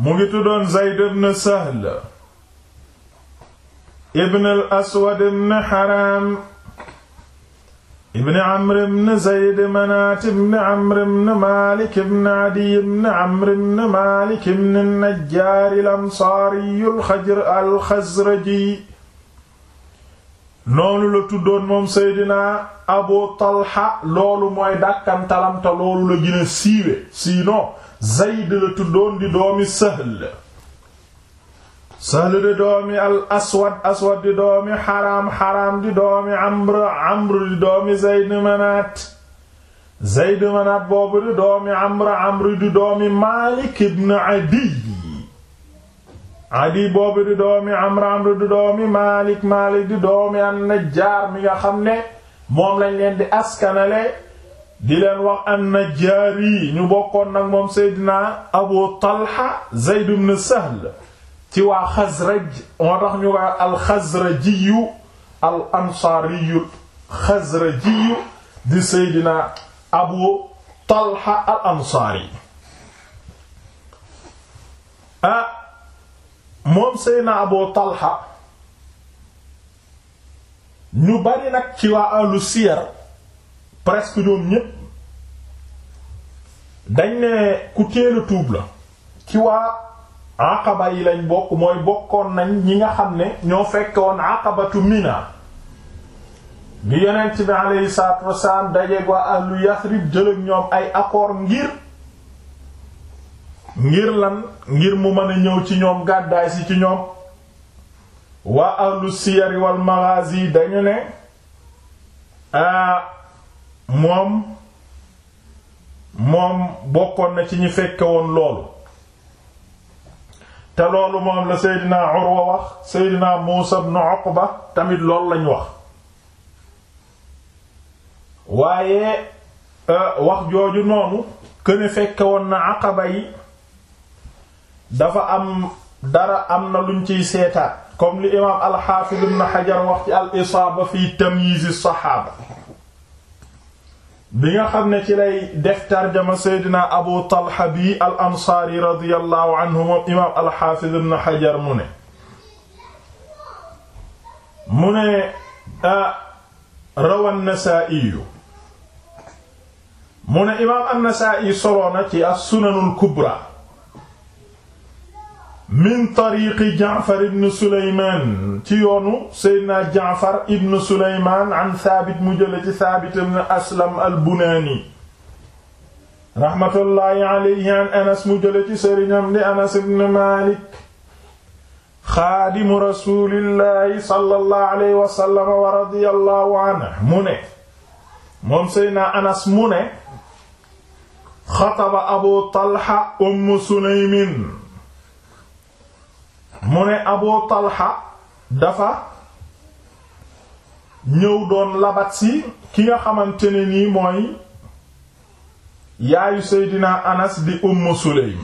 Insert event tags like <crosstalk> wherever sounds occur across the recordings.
mu ngi tuddoon Zayd ibn Sahl ibn al-Aswad ibn Haram ibn Amr ibn Zayd Manaat ibn Amr ibn Maalik ibn Adiy ibn Amr ibn Maalik ibn an-Najjaar al-Ansaari al-Xazraji noonu la tuddoon moom Seydina Abu Talha loolu mooy dàkkantalam te loolu la gën a siiwe sinon Zayd la tuddoon di doomi Sahl Sahl di doomi al Aswad Aswad di doomi Haram Haram di doomi Amr Amr di doomi Zayd ibn Adi Adi boobu di doomi Amr Amr di doomi Malik Malik di doomi an mi nga xam ne moom lañ leen di askanale di leen wax an-Najjaar yi ñu bokkoon nag moom Seydina Abu Talha Zayd ibn Sahl ci waa Xasraj moo tax ñu waa al-Xasrajiyu al-Ansaariyu Xasrajiyu di Seydina Abu Talha al-Ansaari ah moom Seydina Abu Talha ñu bari nag ci waa ahlu siyar presque ñoom ñépp dañ ne ku teel tuub la ci waa aqaba yi lañ bokk mooy bokkoon nañ ñi nga xam ne ñoo fekkoon aqabatu mina bi yonent bi aleyhi salaatu wasalaam dajeeg waa ahlu yasrib jëlëg ñoom ay accord ngir ngir lan ngir mu mën a ñëw ci ñoom gàddaay si ci ñoom waa ahlu siyari wal dañu ne ah, moom moom bokkoon na ci ñu fekke woon loolu te loolu moom la Seydina wax Seydina Muusa ibn Uqba tamit loolu lañ wax waaye euh, wax jooju noonu këne fekke woon na Aqaba yi dafa am dara am na luñ ciy seetaat comme li imaam al-Hafiz ibn Hajar wax ci al-Isaaba fi tamyiz as bi nga xam ne ci lay def tarjama seydina abu talha bi al ansaari radiyallahu anhu moom imaam alxaafiz ibn xajar mu ne mu ne rawa nasaa'iyu mu ne imaam annasaa'i soloona ci as sunanul kubra min tariqi jaafar ibn suleyman ci yoonu seydna jaafar ibn suleyman an thaabit mu jële ci thaabit ibn aslam al bunaani raxmatullaahi alayhi an anas mu jële ci sëriñam di anas ibn maalik xaadimu rasuulillaahi sallallaahu alayhi wasallam wa radiyallaahu anhu mu ne moom seydna anas mu ne xataba abu talha umm suleymin mu ne Abu Talha dafa ñëw doon labat si ki nga xamante ni nii mooy yaayu Seydina Anas di Umm Sulaym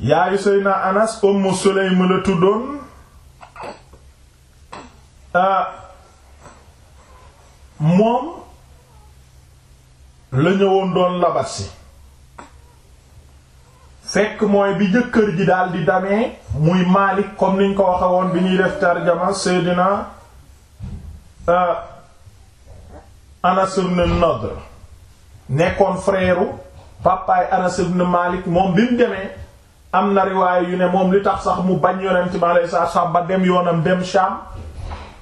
yaayu Seydina Anas Umm Sulaym la tuddoon ah, moom la ñëwoon doon labat fekk mooy bi jëkkër ji daal di damee muy Maalik comme niñ ko waxe woon bi ñuy def tarjama Seydina euh, Anas ibn Nadr nekkoon freeru papaay Anas ibn Maalik moom bi mu demee am na riwaay yu ne moom li tax sax mu bañ yonent bi alayhi salaatu salaam ba dem yoonam dem Sham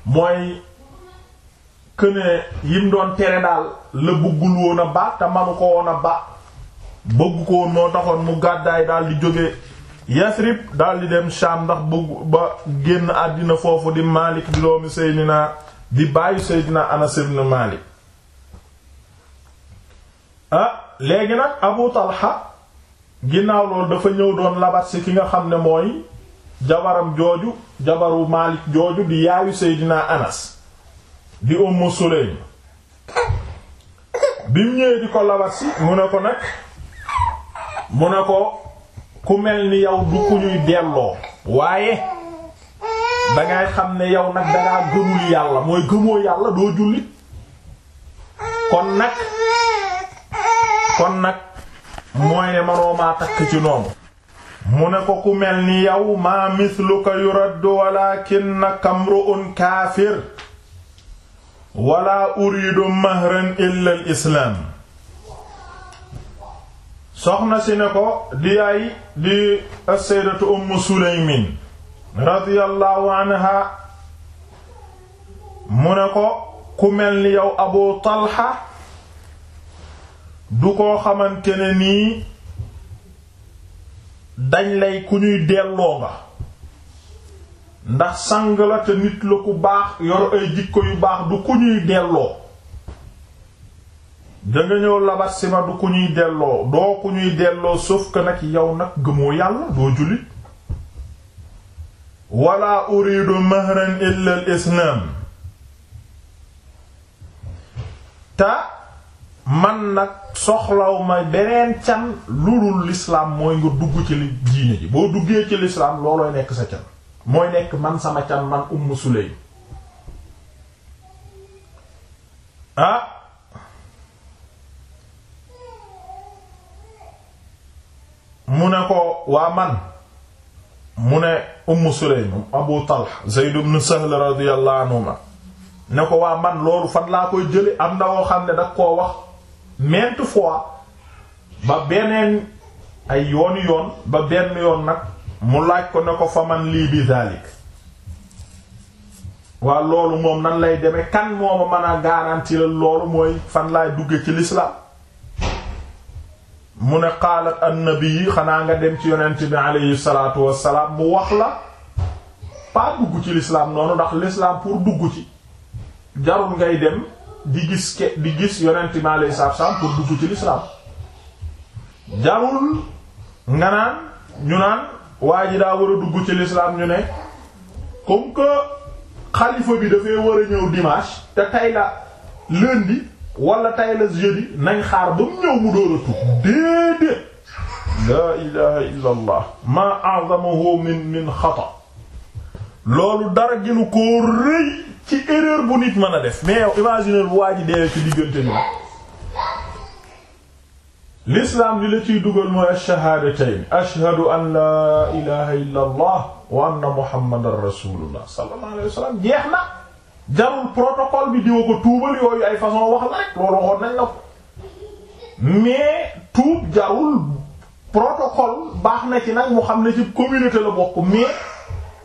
mooy këne yim doon tere daal la buggul woon a baax te manu ko woon a baax bëgg ko woon moo taxoon mu gàddaay daal di jóge Yasrib daal di dem Sham ndax bëgg ba génn àddina foofu di Malik di doomi Seydina di bàyyi Seydina Anas ibn Malik ah léegi nag Abu Talha ginnaaw loolu dafa ñëw doon labat ki nga xam ne mooy jabaram jooju jabaru Malik jooju di yaayu Seydina Anas di Ummu Sulaym bi mu ñëwee di ko labat mu ne ko nag mu ne ko ku mel ni yow du ku ñuy delloo waaye dangay xam ne yow nag dangaa gëmul yàlla mooy gëmoo yàlla doo jullit kon nag kon nag mooy ne manoo maa takk ci noonu mu ne ko ku mel ni yow maa misluka yuraddu walakinnaka mru'un kaafir wala uridu mahran illa al soxna si ne ko di yaay di sayyidatu umm sulaymin radiyallahu anha mu ne ko ku mel ni yow abu talha du koo xamante ne nii dañ lay ku ñuy delloo nga ndax sang la te nit la ku baax yor ay jikko yu baax du ku ñuy delloo danga ñëw labat si ma du ku ñuy delloo doo ku ñuy delloo sauf que nag yow nag gëmoo yàlla doo jullit wala uridu mahran illa al islam te man nag soxlaw ma beneen can lulul l'islam mooy nga dugg ci li diine ji boo duggee ci l'islam loolooy nekk sa can mooy nekk man sama can man Umm Sulaym ah? mu ne ko waa man mu ne umm sulaym abu talha zayd ibn sahl radiyallahu ma ne ko waa man loolu fan laa koy jële am na woo xam ne dag koo wax maintes fois ba beneen ay yooni yoon ba benn yoon nag mu laaj ko ne ko fa man lii bi dalik waa loolu moom nan lay demee kan mooma mën a garantie loolu mooy fan laay dugge ci l'islam mu ne qaalat annabi xanaa nga dem ci yonent bi alayhi salaatu wassalaam mu wax la pas dugg ci lislaam noonu ndax l'islam pour dugg ci jarul ngay dem di gis ke di gis yonent bi alayhi salaatu jarul nga naan ñu naan waa ji daa war a dugg ci lislaam ñu ne comme xalifa bi dafay war a ñëw dimanche te tey la wala tay la jeudi nañ xaar ba mu ñëw mu door a tuub déedéet laa ilaha illa allah maa a'zamahu min min xata loolu dara ginu koo rëy ci erreur bu nit mën a def mais yow imaginer bu waa ji deewee ci diggante ni la l'islam li la ciy dugal mooy ash-shahadatayn ashhadu an laa ilaha illa allah wa anna muhammadan rasulullah sallallahu alayhi wa sallam jeex na jarul protocole bi diwa ko tuubal yooyu ay façon wax la rek loolu waxoon nañ la ko mais tuub jarul protocole baax na ci nag mu xam ne ci communauté la bokk mais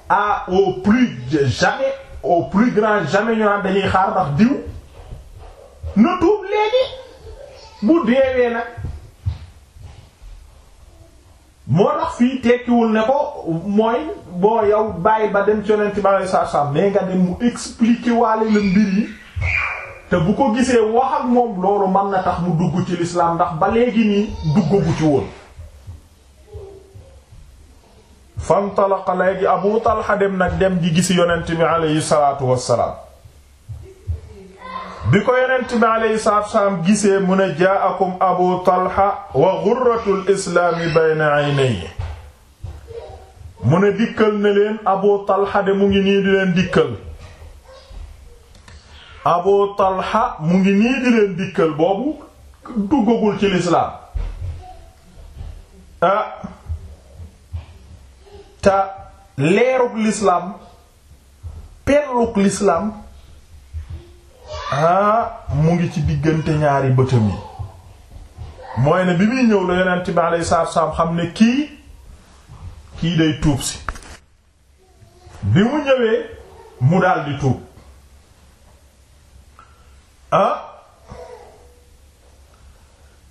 à au plus jamais au plus grand jamais ñu naan dañuy xaar ndax diw na tuub léegi bu deewee nag. moo tax fii tekkiwul ne ko mooy boo yow bàyyi ba dem ci yonent bi alei salaam mais nga dem mu expliquer waale la mbir yi te bu ko gisee wax ak moom loolu man na tax mu dugg ci l'islam ndax ba léegi nii duggagu ci woon fantalaqa léegi Abu Talha dem nag dem ji gisi yonent bi aleyhi salaatu wassalaam bi ko yonent bi alayhi salaatu wassalaam gisee mu ne jaakum abu talha wa ghurratul islaami bayna aynayhi mu ne dikkal ne leen abu talha de mu ngi nii di leen dikkal abu talha mu ngi nii di leen dikkal boobu duggagul ci lislaam ah te leerug lislaam perlug lislaam ah mu ngi ci diggante ñaari bëtam yi mooy ne bi muy ñëw la yonent bi alayhi salaatu wa xam ne kii kii day tuub si bi mu ñëwee mu daldi tuub ah,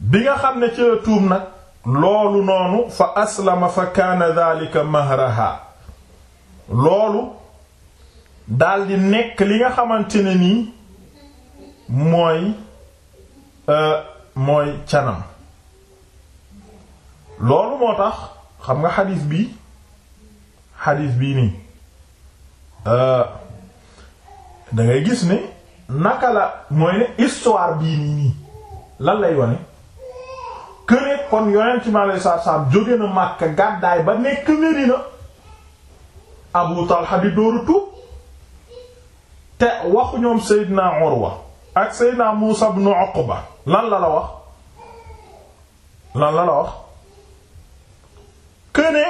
bi nga xam ne ci tuub nag loolu noonu fa aslama fa kaana dhalika mahraha loolu daldi nekk li nga xamante ne nii mooy euh, mooy canam loolu moo tax xam nga xadis bi xadis bii nii euh, da gis ni naka la mooy ne histoire bii nii nii lan lay wane këne kon yonent mi alei satu salaam jóge na Makka gàddaay ba nekk Medina Abu Talha di dóoru te waxu ñoom Seydina Urwa ak Seydina Muusa ibn Uqba lan la la wax lan la la wax këne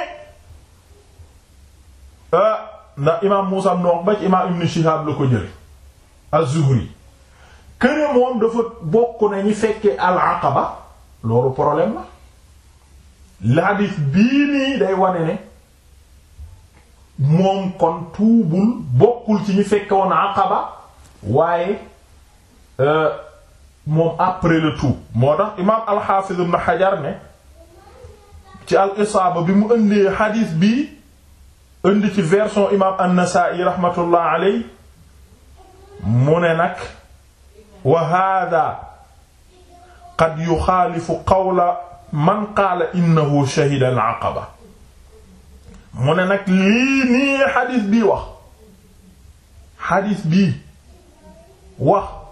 euh, ndax imaam Muusa ibn Uqba ci imaam Ibn Shihab la ko jële az-Zuhri këne moom dafa bokk na ñi fekke al-Aqaba loolu problème la l'hadith bii nii day wane ne moom kon tuubul bokkul ci ñi fekke woon ba waaye Euh, moom après le tout moo al-Hafiz ibn Hajar ne ci al-Isaaba bi mu ëndee xadiis bi indi ci version imaam an mu ne nag wa hada qad yuxaalifu qawla man qaala innahu shahida al-aqaba mu ne nag lii nii xadiis bii wax xadiis bii wax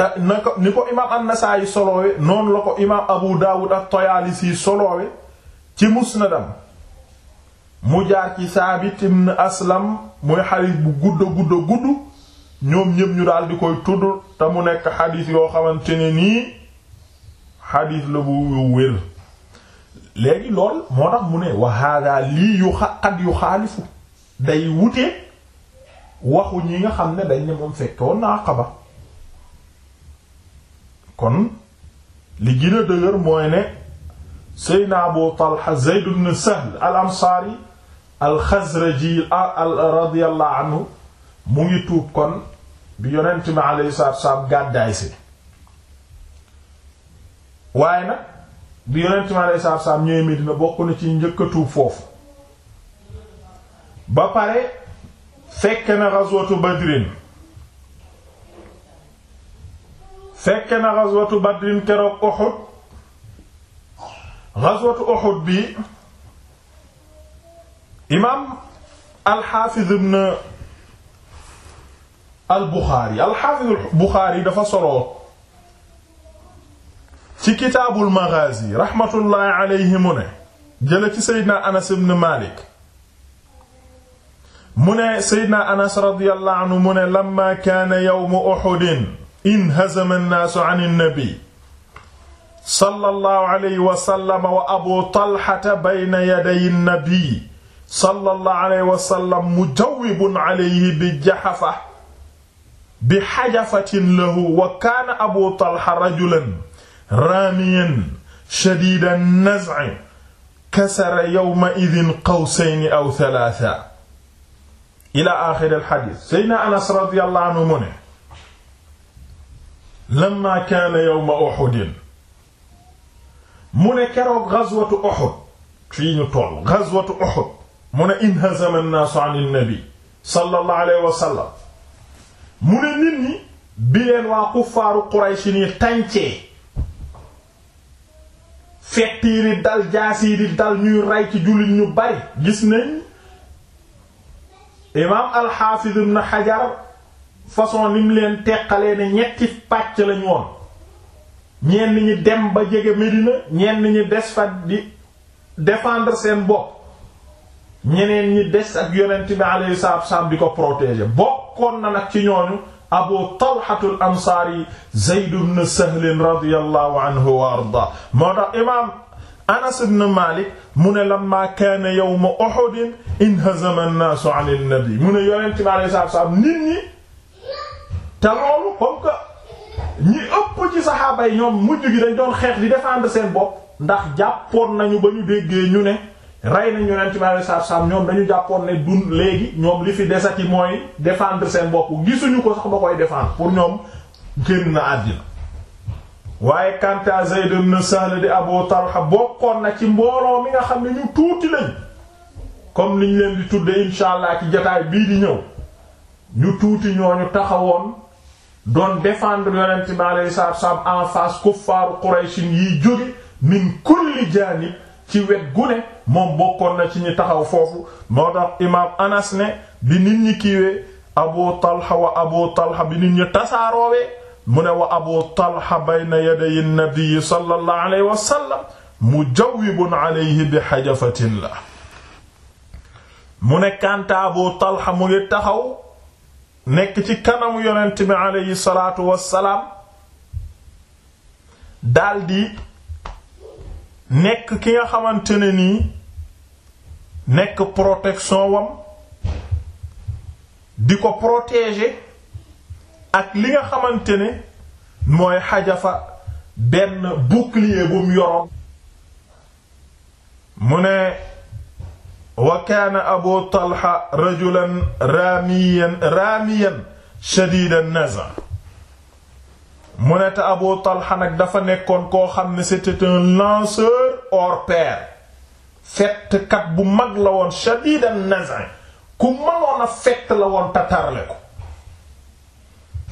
te na ko ni ko imaam an-Nasaa'i soloowe noonu la ko imaam Abu Daawud at-Tayaalisi soloowe ci musnadam mu jaar ci Saabit ibn Aslam muy xadiis bu gudd gudd gudd ñoom ñépp ñu daal di koy tudd te mu nekk xadiis yoo xamante ne nii xadiis la bu wér léegi lool moo tax mu ne wa lii yu xaqat yu xaalifu day wute waxu ñi nga xam ne dañ ne moom fekkoon naa Aqaba kon li gën a dëgër mooy ne Seydina Abu Talha Zayd ibn Sahl al ansaari al xazraji radiyallahu anhu mu ngi tuub kon bi yonent mi alayhi salaatu wassalaam gàddaay si waaye nag mi alayhi salaatu ci njëkk tuub foofu ba pare fekk na ghazwatu Badrin fekke na ghazwatu badrin keroog Uhud ghazwatu Uhud bi imaam alxaafiz ibn albuxaari alxaafiz albuxaari dafa solo ci kitaabul maghaazi raxmatullaahi alayhi mu ne jële ci seydina anas ibn maalik mu ne seydina anas radiyallaahu anhu mu ne lamma kaana yawmu Uhudin inhazama nnaasu an innabi sallallahu alayhi wa sallam wa abu talxata bayna yaday nnabi sallallahu alayhi wa sallam mujawwibun alayhi bi jaxafa bi xajafatin lahu wa kaana abu talxa rajulan raamiyan shadiida naz'i kasara yawma idin qawsayni aw talaata ila aaxiril xadiis. Seydina Anas radiyallahu anhu mu ne lamma kaana yawma Uhud mu ne keroog gazwatu Uhud fii ñu toll gazwatu Uhud mu ne inhazama an-naasu an an-nabi sallallahu alayhi wa sallam mu ne nit ñi bi leen waa kuffaaru Quraysh nii tàncee fett yi di dal jaas yi di dal ñuy rey ci jullit ñu bari gis nañ imaam al-Hafiz ibn Hajar façon lim leen teqalee ne ñetti pàcc lañ woon ñenn ñi dem ba jege Medina ñenn ñi des fa di défendre seen bopp ñeneen ñi des ak yonent bi alayhi salaatu wassalaam di ko protéger bokkoon na nag ci ñooñu abu talhatul ansaari zayd ibn sahl radiyallahu anhu wa arda moo tax imaam anas ibn malik mu ne lamma kaana yawma uhud inhazama an-naasu an an-nabi mu ne yonent bi alayhi salaatu nit ñi te loolu comme que ñi ëpp ci saxaaba yi ñoom mujj gi dañ doon xeex di défendre seen bopp ndax jàppoon nañu ba ñu déggee ñu ne rey nañ yonent bi alayhi salaatu salaam ñoom dañu jàppoon ne dun léegi ñoom li fi desati mooy defendre seen bopp gisuñu ko sax ba koy défendre pour ñoom génn na àddina waaye kanta Zayd ibn Sahl di Abu bokkoon na ci mbooloo mi nga xam ne ñu tuuti lañ comme niñ leen di tudde insha allah ci jotaay bii di ñëw ñu tuuti ñooñu taxawoon doon défendre yonent bi alayhi salaam en face kuffaaru Qurayshin yiy jóge min kulli jaanib ci wet gu ne moom bokkoon ci ñi taxaw foofu moo tax imaam Anas ne bi nit ñi kiiwee Abu Talha wa Abu Talha bi nit ñi tasaaroowee mu wa Abu Talha bayna yaday an-nabi sallallahu alayhi wa sallam mujawwibun alayhi bi hajafatillah mu ne kanta Abu Talha mu ngi taxaw nekk ci kanam yonent bi aleyhi salaatu wassalaam daldi nekk ki nga xamante ne nii nekk protection wam di ko protéger ak li nga xamante ne mooy xajafa benn bouclier bu mu mu ne wa kaana abu talha rajulan raamiyan raamiyan shadiidan nazaa mu ne te abu talha nag dafa nekkoon koo xam ne c'était un lanceur hors pair fettkat bu mag la woon shadiidan nazaa ku mënoon a fett la woon tatarle ko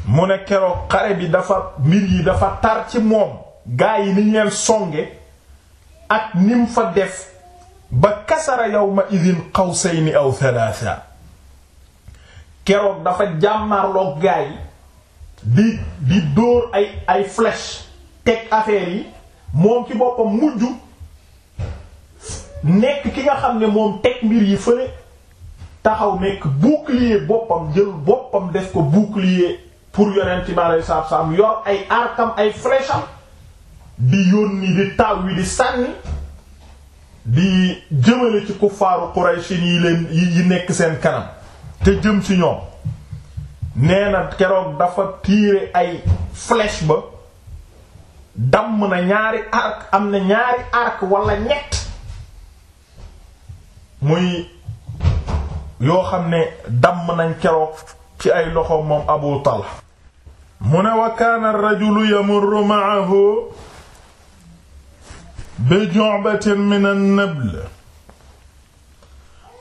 mu ne keroog xare bi dafa mbir dafa tar ci moom gaa yi niñ songe ak nim fa def ba kasara yawma idin qawsayni aw thalatha keroog dafa jàmmarloog gaa yi di di dóor ay ay flèche teg affaire yi moom ci boppam mujj nekk ki nga xam ne moom teg mbir yi fële taxaw nekk bouclier boppam jël boppam def ko bouclier pour yonent bi alei saatu salaam yor ay arkam ay flèche di yónni di taw wi di sànni bi jëmale ci kuffaaru Quraysh yi leen yi nekk seen kanam te jëm ci ñoom nee na keroog dafa tiire ay flèche ba damm na ñaari arc am na ñaari arc wala ñett muy yoo xam ne damm nañ keroog ci ay loxo moom Abu Talha mu ne wa rajulu yamurru ma'ahu bi ju'batin min an-nabl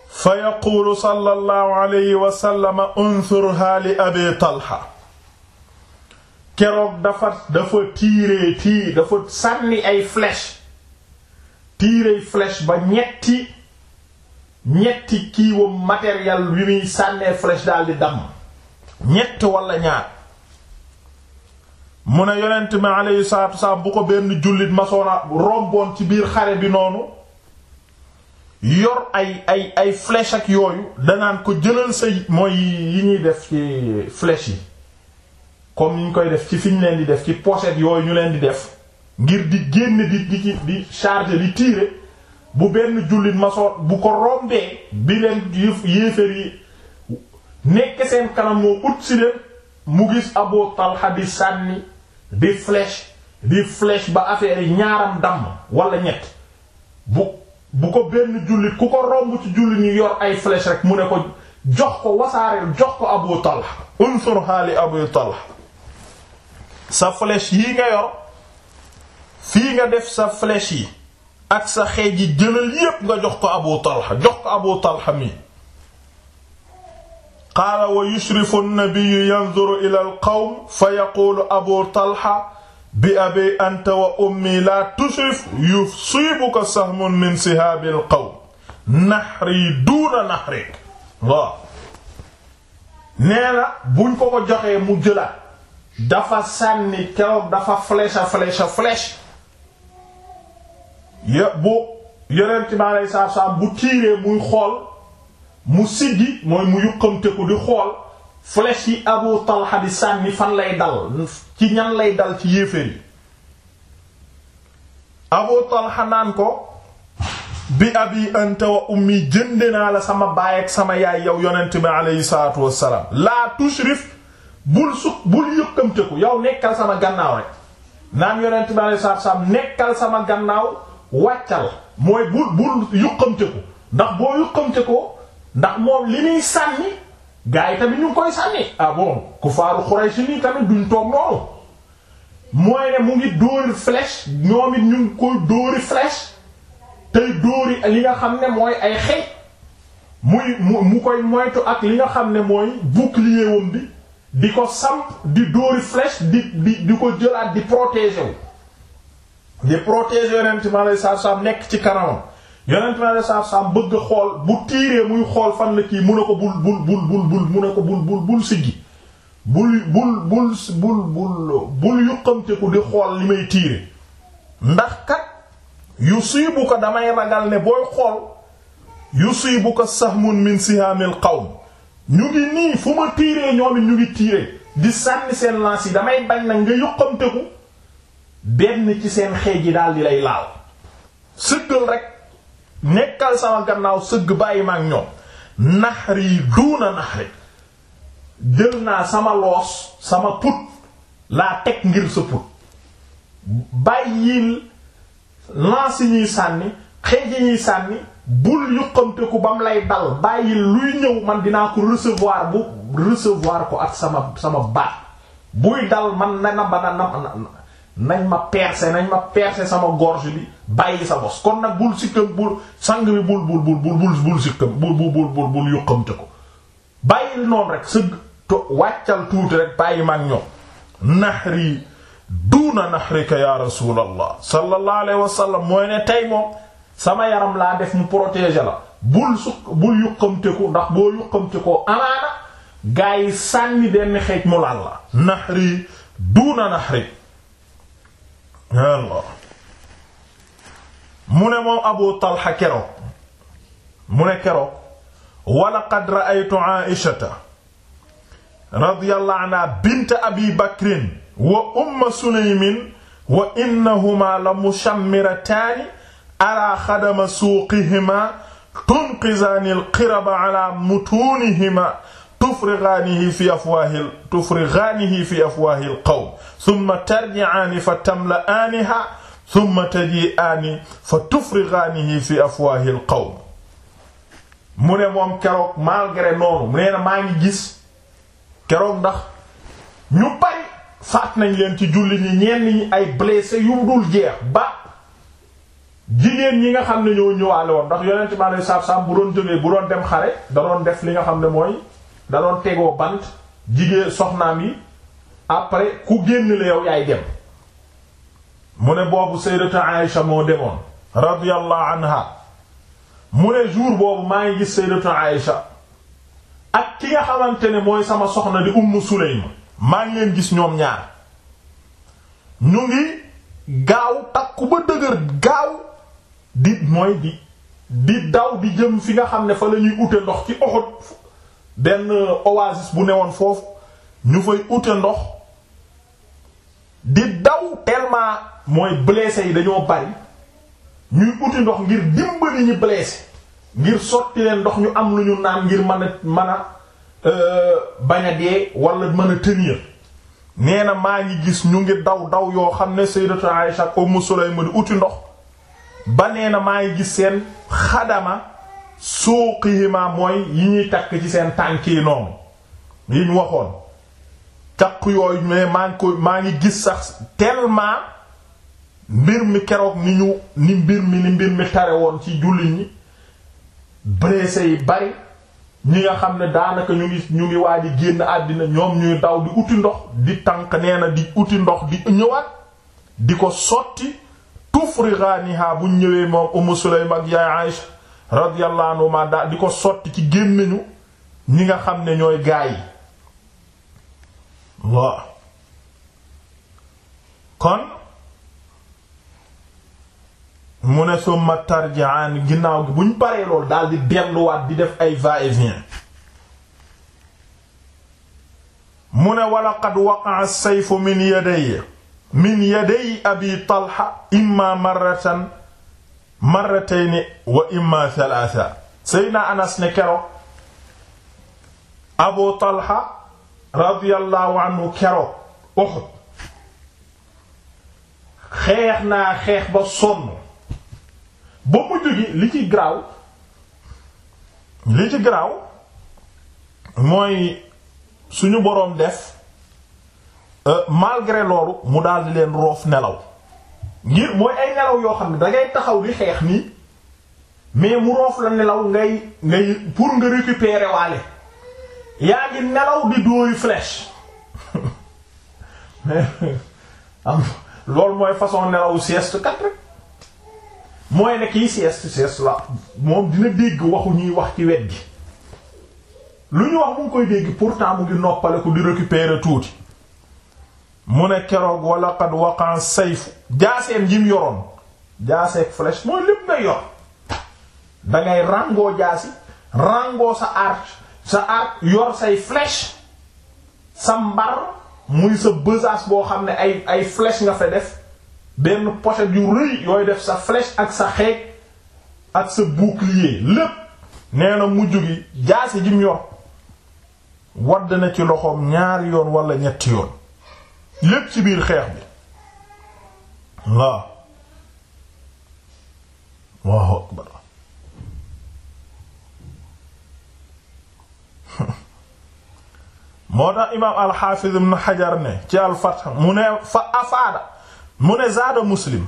fa yaquulu sallallahu alayhi wa sallam unthurha abi talha keroog dafa dafa tiire tii dafa sànni ay flèche tiire flèche ba ñetti ñetti kiiwam matériel wi muy sànnee flèche daal di damm ñett wala ñaar mu ne yonent mi alayhi salaatu wasalaam bu ko benn jullit masoona romboon ci biir xare bi noonu yor ay ay ay flèche ak yooyu danaan ko jëlal sa mooy yi ñuy def ci flèche yi comme ñu koy def ci fi ñu leen di def ci pochette yooyu ñu leen di def ngir di génn di di di charger di tirer bu benn jullit masoon bu ko rombee bi leen yéeféer yi nekk seen kanam moo ut si leen mu gis Abu Talha di sànni di flèche di flèche ba affaire yi ñaaram damm wala ñett bu bu ko benn jullit ku ko romb ci jullit ñu yor ay flèche rek mu ne ko jox ko wasaareel jox ko Abu Talha unsurha li Abu Talha sa flèche yi nga yor fii nga def sa flèche yi ak sa xeej yi jëlal yépp nga jox ko Abu Talha jox ko Abu Talha mi qaala wa yushrifu nnabiyu yanzuru ila alqawm fa yaquulu abu talha bi abi anta wa ummi laa tushrif yusiibuka sahmun min sihaabi alqawm nahri duuna nahri waaw nee na buñ ko ko joxee mu jëlaat dafa sànni keroog dafa flèche flèche flèche ya bu yonent bi aleyhi salaatu salaam bu tiiree muy xool mu siggi mooy mu yuqamte di xool flèche yi Abu Talha di sànni fan lay dal ci ñan lay dal ci yéeféer yi Abu Talha naan ko bi abi anta ummi jënde naa la sama baay ak sama yaay yow yonent bi aleyhi salaatu wassalaam laa tushrif bul suk bul yëkkamteku yow nekkal sama gannaaw rek naan yonent bi aleyhi salaatu wassalaam nekkal sama gannaaw wàccal mooy bul bul yëkkamteku ndax boo yëkkamtekoo ndax moom li muy sànni gars tamit ñu ngi koy sànni ah bon ku faaru Quraysh nii tamit duñ toog noonu mooy ne mu ngi dóori flèche ñoom ñu ngi koy dóori flèche tey dóori li nga xam ne mooy ay xeej muy mu mu koy moytu ak li nga xam ne mooy bouclier wam bi di ko samp di dóori flèche di di di ko jëlaat di protéger wu di protéger ren ci ma lay saa nekk ci kanamam. yonent ma la saab bëgg xool bu tiiree muy xool fan la kii mu ne ko bul bul bul bul bul mu ne ko bul bul bul bul bul di xool li may tiire ndax kat yusiibu ko damay ragal ne booy xool yusiibu ko sahmun min sihamil qawm ñu ngi nii fu ma tiiree ñoom ñu ngi tiire di sànni seen lance yi damay bañ na nga yuqamteku benn ci seen xeej yi daal di lay laal sëggal rek nekkal sama gannaaw sëgg bàyyi ma ak ñoom naxari duuna naxari jël naa sama loos sama put laa teg ngir sa put bàyyil lansi ñuy sànni xeej ñuy sànni bul yuqamteku ba mu lay dal bàyyil luy ñëw man dinaa ko recevoir bu recevoir ko ak sama sama baat buy dal man na na ba na na nañ ma percer nañ ma percer sama gorge bi bàyyi sa bos kon nag bul sikkam bul sang bi bul bul bul bul bul bul sikkam bul bul bul bul bul yuqamte ko bàyyil noonu rek sëgg to wàccal tuuti rek bàyyi ma ak ñoom nahri duuna nahrika ya rasulallah sallallahu alayhi wa sallam mooy ne tey moom sama yaram laa def mu protéger la bul su bul yuqamte ko ndax boo yuqamte ko amaana gaa yi sànni benn xeej mu la nahri duuna nahrik Allah mu ne moom Abu Talha keroog mu ne keroog walaqad ra'aytu Aishata radiyallahu anha bint Abi Bakrin wa Umm Sulaymin wa innahuma la mushammirataani ala xadama suuqihima tunqizaani al-qiraba ala mutuunihima tufrighaanihi fi afwaahil tufrighaanihi fi afwaahil qawm thumma tarji'aani fa tamla'aaniha thumma taji'aani fa tufrighaanihi fi afwaahil qawm mu ne moom keroog malgré noonu nee na maa ngi gis keroog ndax ñu bari faat nañ leen ci julli ñi ñenn ñi ay blessé yu dul jeex ba jigéen ñi nga xam ne ñoo ñëwaale woon ndax yonent bi alayhi salaam bu doon jógee bu doon dem xare da doon def li nga xam ne mooy da doon tegoo bant jigéen soxnaam yi après ku génn la yow yaay dem mu ne boobu sayyidatu Aïsha moo demoon radiyallahu mu ne jour boobu maa ngi gis sayyidatu Aïsha ak ki nga xamante ne mooy sama soxna di Ummu Sulaym maa ngi leen gis ñoom ñaar ñu ngi gaaw takku ba dëgër gaaw di mooy di daw di jëm fi nga xam ne fa la ñuy ute ndox ci Uhud benn oasis bu newoon foofu ñu fay ute ndox di daw tellement mooy blessé yi dañoo bari ñuy uti ndox ngir dimbali ñi blessé ngir sotti ndox ñu am lu ñu naan ngir mën a mën a euh, bañ a dee mën a tenir nee na maa ngi gis ñu ngi daw daw yoo xam ne sayyidatu Aisha ak Ummu Sulaym di uti ndox ba nee na maa ngi gis seen xadama suuqihimaa mooy yi ñuy takk ci seen tànk yi noonu yi waxoon caq yooyu mais maa ngi ko maa ngi gis sax tellement mbir mi keroog ni ñu ni mbir mi ni mbir mi tare woon ci jullit ñi blessé yi bari ñi nga xam ne daanaka ñu ngi ñu ngi waaj a génn àddina ñoom ñuy daw di uti ndox di tànk nee di uti ndox di ñëwaat di ko sotti tufriganiha buñ ñëwee moom Ummu Sulaym ak yaay radiyallahu anhuma daal di ko sotti ci gémmiñu ñi nga xam ne ñooy gaa yi waaw kon mu ne summa tarji'an ginnaaw gi buñ paree lool daal di delluwaat di def ay va-et-vient mu ne wala qad waqa'a as min yaday min yaday abi talha imma marratan marratayni wa imma thalatha anas ne kero abu talha radiyallahu anhu kero Uhud xeex naa xeex ba sonn ba mujj gi li ci garaaw li ci garaaw mooy suñu boroom def euh, malgré loolu mu daldi leen roof nelaw ngir mooy ay nelaw yoo xam ne dangay taxaw di xeex nii mais mu roof la nelaw ngay ngay pour nga récupérer waale yaa ngi nelaw di dóoyu flèche <laughs> loolu mooy façon nelawu sieste kat mooy ne kii sieste sieste la moom dina dégg waxu ñuy wax ci wet gi lu ñu wax mu koy dégg pour mu ngi noppale ko di récupérer tuuti mu ne keroog wala qad waqa sayfu jaaseem yim yoroon jaaseeg flèche mooy lépp ngay yor dangay ràngoo jaasi ràngoo sa arc sa arc yor say flèche sa mbar muy sa besace boo xam ne ay ay flèche nga fa def benn pochette yu rëy yooy def sa flèche ak sa xeej ak sa bouclier lépp nee na mujj gi jaasi jim yor wadd na ci loxoom ñaari yoon wala ñetti yoon lépp ci biir xeex bi waaw Allahu akbar moo tax imaam alxaafiz ibn Hajar ne ci al-Fath mu ne fa mu ne zaada muslim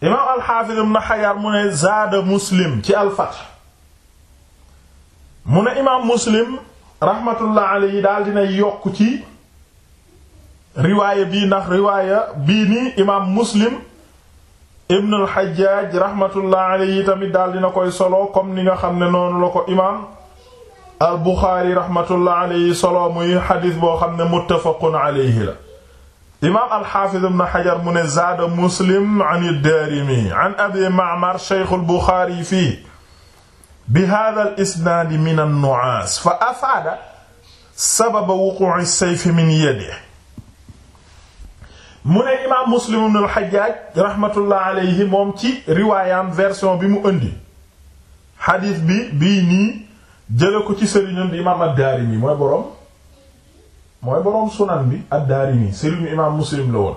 imaam alxaafiz ibn Hajar mu ne zaada muslim ci al-Fath mu ne imaam muslim rahmatullah alayhi daal dina yokk ci riwaaya bii ndax riwaaya bii nii imaam muslim ibn al-Hajjaj rahmatullah tamit daal dina koy solo comme ni nga xam ne noonu la ko imaam al Buxaari rahmatullah alayhi solo muy xadis boo xam ne muttafaqun alayhi la imaam al-Hafiz ibn Hajar mu ne zaada muslim an ad-Daarimi an Abi Ma'mar shaykh al-Buxaari fii bi hada al isnaadi min an nu'aas fa afaada sababa wuqu'i sayfi min yadihi mu ne imaam muslim ibn al hajjaaj rahmatullah alayhi moom ci riwaayam version bi mu indi xadiis bi bii nii jële ko ci sëriñam bi imaam ad-daarimi mooy boroom mooy boroom sunan bi ad-daarimi sëriñu imaam muslim la woon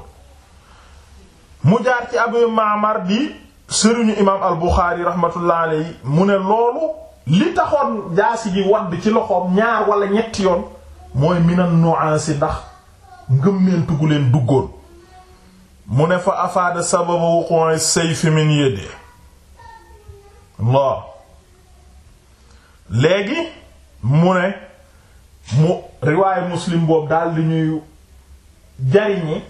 mu jaar ci abu ma'mar bi sëriñu imaam al Buxaari rahmatullah alayhi mu ne loolu li taxoon jaasi ji wadd ci loxoom ñaar wala ñetti yoon mooy minan nu'aasi ndax ngëmmentu gu leen duggoon mu ne fa afaada sababu wuqo'i sayfi min yadi Allah léegi mu ne mu riwaayu muslim boobu daal li ñuy jariñi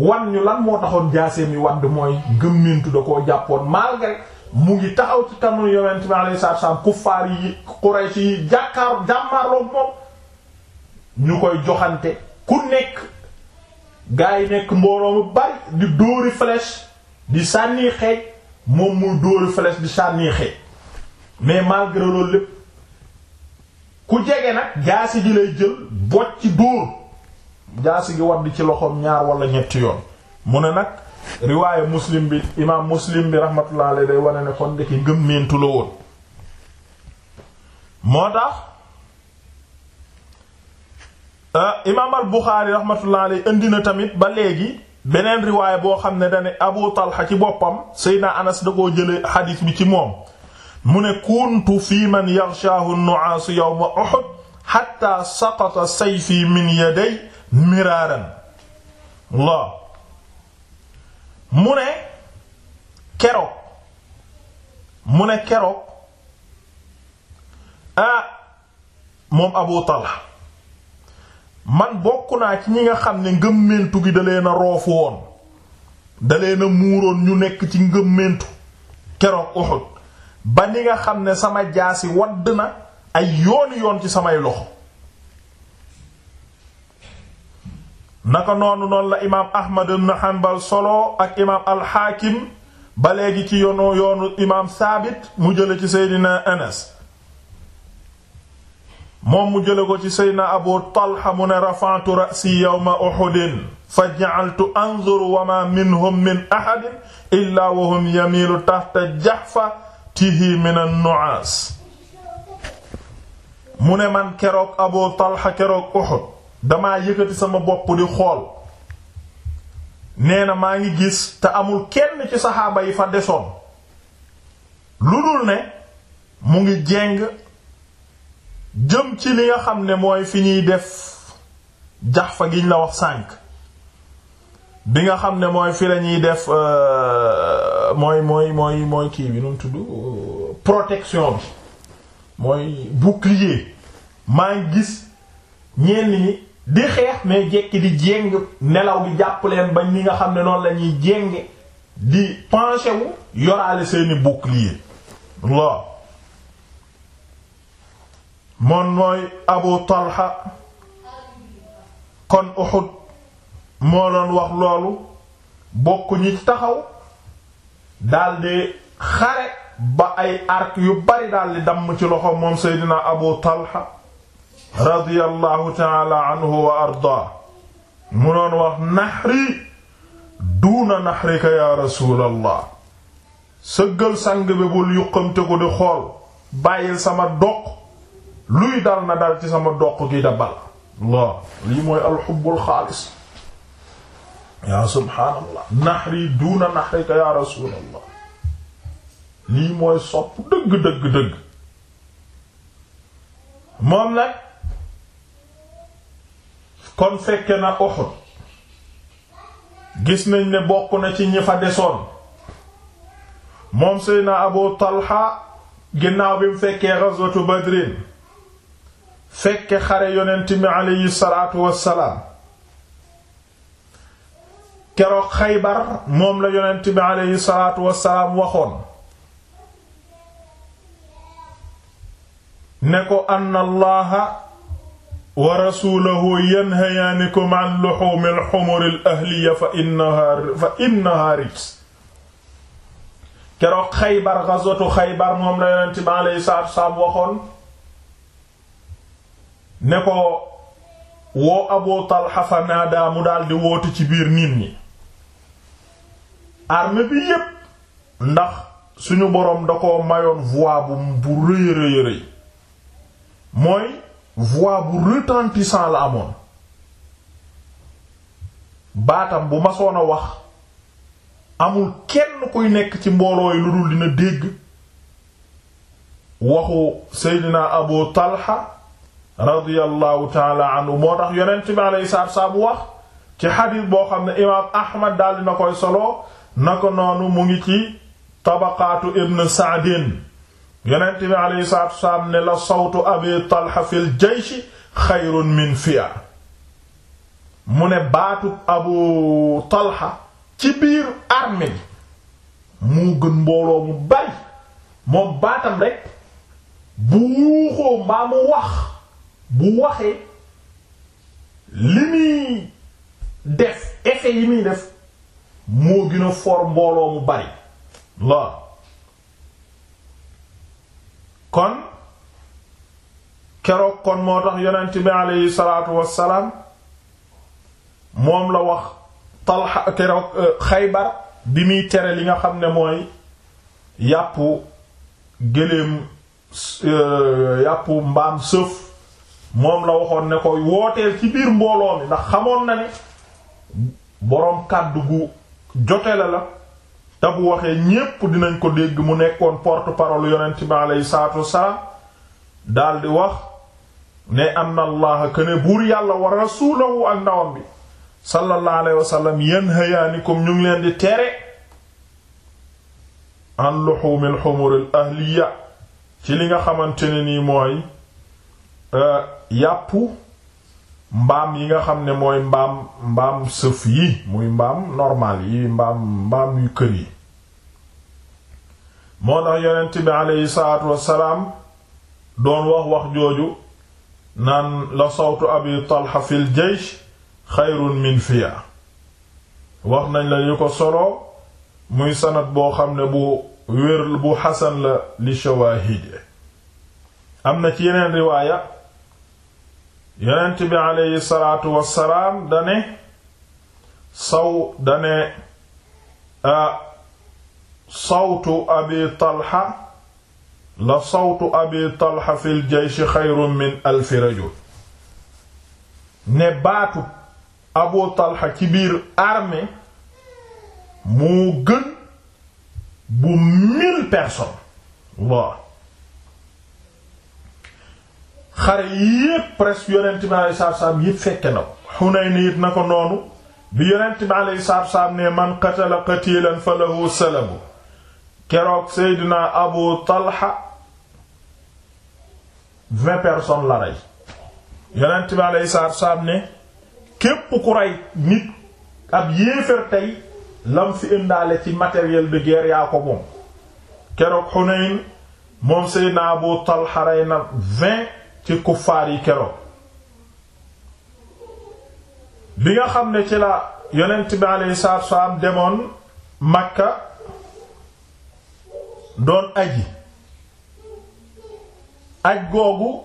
wan ñu lan moo taxoon jaaseem yi wadd mooy gëmmintu da koo jàppoon malgré mu ngi taxaw ci kanam yonent bi alayhi salaatu salaam kuffaar yi Quraysh yi jàkkaar jàmmaarloog moom ñu koy joxante ku nekk gaa yi nekk mbooloo mu bari di dóori flèche di sànni xeej moom muy dóori flèche di sànni xeej mais malgré loolu lépp ku jege nag jaasi ji lay jël bocc dóor jaasi gi wadd ci loxoom ñaar wala ñetti yoon mu ne nag riwaaye muslim bi imaam muslim bi rahmatullah alayhi day wane ne kon ndeke ngëm meentu la woon moo tax ah, imaam al buxaari indi na tamit ba léegi beneen riwaaye boo xam ne dane abu talha ci boppam seydna anas da koo jële xadiis bi ci moom mu ne kuntu fi man yaxshaahu nu'aasu yawma uhud hatta saqata sayfi min yaday miraaran la mu ne keroog mu ne keroog ah moom Abu Talha man bokk naa ci ñi nga xam ne ngëmmentu gi da leen roofu woon da leen a muuroon ñu nekk ci ngëmmentu keroog Uhud ba ni nga xam ne sama jaasi wadd na ay yooni yoon ci samay loxo naka noonu noonu la imaam ahmad ibn hanbal solo ak imaam alxaakim ba léegi ci yoonu imaam saabit mu jële ci seydina anas moom mu jële ko ci seydina abu talha mu ne rafa'tu ra'si yawma uhudin fa ja'altu anzuru wa ma minhum min ahadin illa wa hum yamilu tahta jahfatihi min an-nu'as mu ne man keroog abu talha keroog uhud damaa yëkkati sama bopp di xool nee na maa ngi gis te amul kenn ci saxaaba yi fa desoon lu dul ne mu ngi jeng jëm ci li nga xam ne mooy fi ñuy def jax fa giñ la wax sànk bi nga xam ne mooy fi lañuy def euh, mooy mooy mooy mooy kii bi nu mu protection bi mooy bouclier maa ngi gis ñenn ñi di xeex mais jekki di jéng nelaw bi jàpp leen ba ñi nga xam ne noonu lañuy ñuy di penché wu yoraale seeni bouclier waaw moom mooy Abu Talha kon Uhud moo doon wax loolu bokk ñi taxaw daldi xare ba ay arc yu bari daldi damm ci loxo moom Seydina Abu Talha radiyallahu taala anhu wa arda mu doon wax naxri duuna naxrika ya rasulallah sëggal sang bi bul yuqamte ko di xool bàyyil sama doq luy dal na dal ci sama doq gi da bal laa lii mooy alxubbul xaalis yaa subhaanallah naxri duuna naxrika ya rasulallah lii mooy sopp dëgg dëgg dëgg moom nag kon fekke na Uhud gis nañ ne bokk na ci ñi fa desoon moom Seydina Abu Talha ginnaaw bi mu fekkee ghazwatu Badrin fekke xare yonent mi aleyhi salaatu wassalaam keroog Xaybar moom la yonent mi aleyhi salaatu wassalaam waxoon ne ko anna Allaha wa rasuulahu yanhayaanikum an luxuumi alxumuri ahliya fa innahaa fa keroog xaybar gazwatu xaybar moom la yonent bi alayhi salaatu wasalaam waxoon ne woo Abu Talha fa naadaa mu daldi woote ci biir nit yi armée yépp ndax suñu boroom da ko mayoon voix bu bu rëy mooy voix bu retentissant la amoon baatam bu masoon a wax amul kenn kuy nekk ci mbooloo yi lu dul dina dégg waxu seydina abu talha radiyallahu taala anhu moo tax yonent bi alayhi salaatu salaam wax ci xadiis boo xam ne imaam ahmad daldi na koy solo na ko noonu mu ngi ci tabakaatu ibn saadin yonent bi alayhi salaatu wasalaam ne la sawtu abi talha fi jayshi xayrun min fi'a mu ne baatub abu talha ci biir armée bi mu gën mbooloo mu bari moom baatam rek bu wuuxoo mbaa mu wax bu waxee li muy def effet yi muy def moo gën a for mbooloo mu bari la kon keroog kon moo tax yonent bi aleyhi salaatu wassalaam moom la wax talxa keroog euh, xaybar bi muy tere li nga xam ne mooy yàppu gëléem euh, yàppu mbaam sëf moom la waxoon ne ko wooteel ci biir mbooloo mi ndax xamoon na ne boroom kàddu gu jote la la te bu waxee ñépp dinañ ko dégg mu nekkoon porte-parole yonent bi aleyhi salaatu wasalaam daldi wax ne anna allaha këne buur yàlla wa rasuulahu ak bi sallallahu alayhi wa sallam yanhayaanikum ñu ngi leen di tere an luxuumil xumuril ahliya ci li nga xamante ne nii mooy euh, yàppu mbaam yi nga xam ne mooy mbaam mbaam sëf yi muy mbaam normal yi mbaam mbaam yu kër yi moo tax yonent bi aleyhi salaatu wassalaam doon wax wax jooju naan la sawtu abi talha fil jaysh xayrun min fiya wax nañ lañu ko solo muy sanad boo xam ne bu wér bu xasan la li shawaahid am na ci yeneen riwaaya yonent bi aleyhi salaatu wassalaam dane saw dane sawtu abi talha la sawtu abi talha fil jaysh xayrun min alfi rajul ne baatu abu talha ci biir armée moo gën bu mille personnes xare yépp presque yonent bi alayhi salaatu yépp fekke na ko Hunayn it na ko noonu bi yonent bi alayhi salaatu ne man qatala qatilan fa lahu keroog Seydina Abu Talha ne képp ku rey nit ab yéefar tey lam fi indaale ci matériel de guerre yaa ko moom keroog Hunayn moom Seydina Abu Talha rey na ci kuffaar yi keroog bi nga xam ne ci la yonent bi yi salaatu wassalaam demoon Makka doon aji aj googu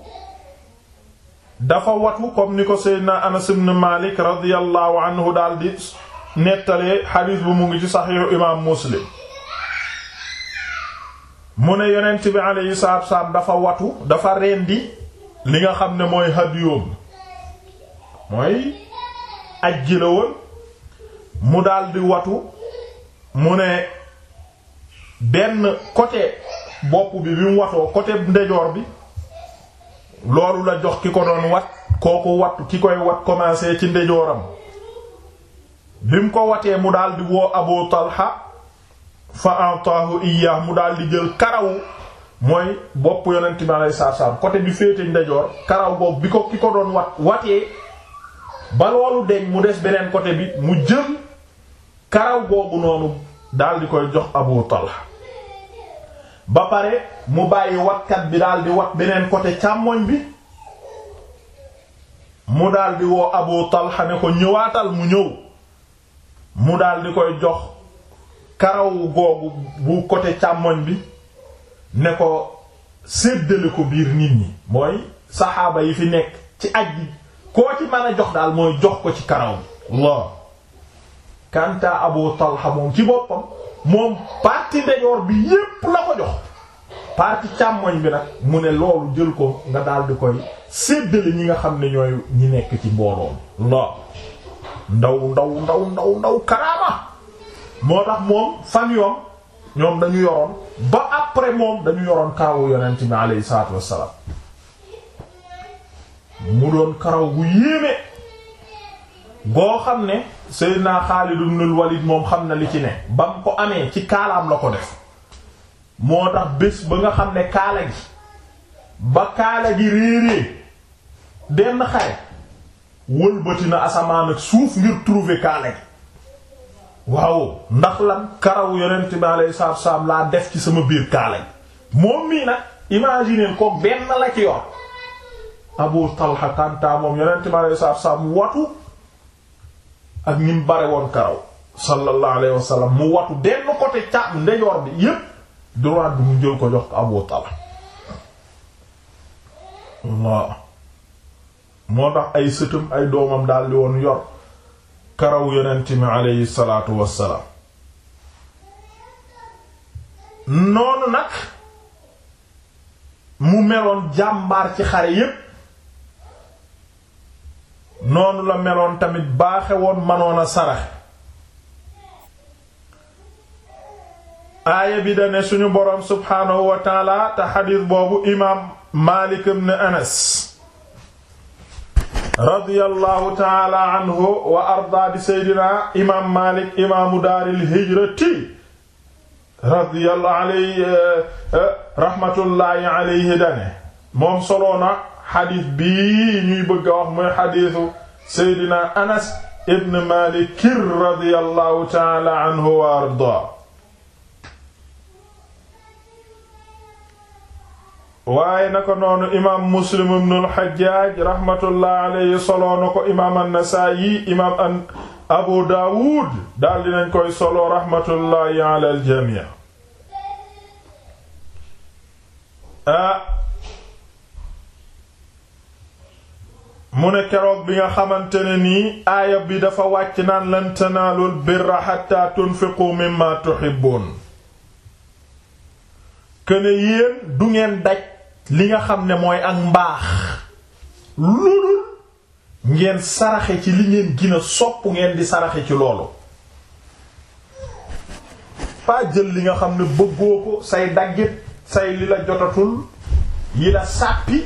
dafa watu comme ni ko Seydina Anas ibn Malik radiyallahu anhu daal di nettalee xadiis bu mu ngi ci saxiixu imaam Muslim mu ne yonent bi alayhi salaatu wassalaam dafa watu dafa rendi li nga xam ne mooy hadiyum mooy ajji la woon mu daldi watu mu ne benn côté bopp bi bi mu watoo côté ndejoor bi loolu la jox ki ko doon wat kooku wat ki koy wat commencé ci ndejooram bi mu ko watee mu daldi woo Abu Talha fa mu daldi jël karawu mooy bopp yonent bi alayhi salaam côté bi féete ndejoor karaw boobu bi ko ki ko doon wat watee ba loolu deñ mu des beneen côté bi mu jël karaw boobu noonu daldi koy jox Abu Talha ba pare mu bàyyi watkat bi daal di wat beneen côté càmmoñ bi mu daldi woo Abu Talha ne ko ñëwaatal mu ñëw mu daal di koy jox karaw googu bu côté càmmoñ bi ne ko séddale ko biir nit ñi mooy saxaaba yi fi nekk ci aj bi koo ci mën a jox daal mooy jox ko ci karaw bi Allah kanta Abu Talha ci boppam moom partie ndejoor bi yépp la ko jox partie càmmoñ bi nag mu ne loolu jël ko nga daldi di koy séddale ñi nga xam ne ñooy ñi nekk ci mbooloo Allah ndaw ndaw ndaw ndaw ndaw karaama moo tax moom fan yoon ñoom dañu yoroon ba après moom dañu yoroon karawu yonent bi alayhi salaatu wassalaam mu doon karaw gu yéeme goo xam ne Seydina Xaalid ibn lu walid moom xam na li ci ne ba mu ko amee ci kaalaam la ko def moo tax bés ba nga xam ne kaala gi ba kaala gi réerée denn xare wëlbati na asamaan ak suuf ngir trouver kaala gi waaw ndax lan karaw yonent bi alayhi salaatu salaam laa def ci sama biir kaala moom mii nag imaginer ko benn la ci yor Abu Talha Kanta moom yonent bi alayhi salaatu salaam watu ak ni mu bare woon karaw sallallahu alayhi wa sallam mu watu benn côté càmm ndeyoor bi yépp droit bi mu jël ko jox ko Abu Talha moo tax ay sëtam ay doomam daal di woon yor. karaw yonent mi aleyhi salaatu wassalaam noonu nag mu meloon jàmbaar ci xare yépp noonu la meloon tamit baaxe woon manoon a saraxe aaya bi dane suñu boroom subhaanahu wa taala te xadiis boobu imaam Maalik ibn Anas radiyallahu taala anhu wa arda di seydina imaam Maalik imaamu daaril hijrati radiyallahu alayhi eh, eh, rahmatullahi alayhi dane moom soloona xadiis bii ñuy bëgg a wax mooy xadiisu seydina Anas ibn Maalik radiyallahu taala anhu wa arda waaye naka noonu imaam muslim ibn al-Hajjaj rahmatullah na ko imaam Abu Dawud daal dinañ koy solo rahmatullahi ala al mu ne keroog bi nga xamante ne nii aaya bi dafa wàcc naan lan tanaalul birra hatta tunfiqu mimma tuhibbun këne yéen du ngeen daj li nga xam ne mooy ak mbaax loolu ngeen saraxe ci li ngeen gën sopp ngeen di saraxe ci loolu pas jël li nga xam ne bëggoo ko say daggit say li la jotatul yi la sàppi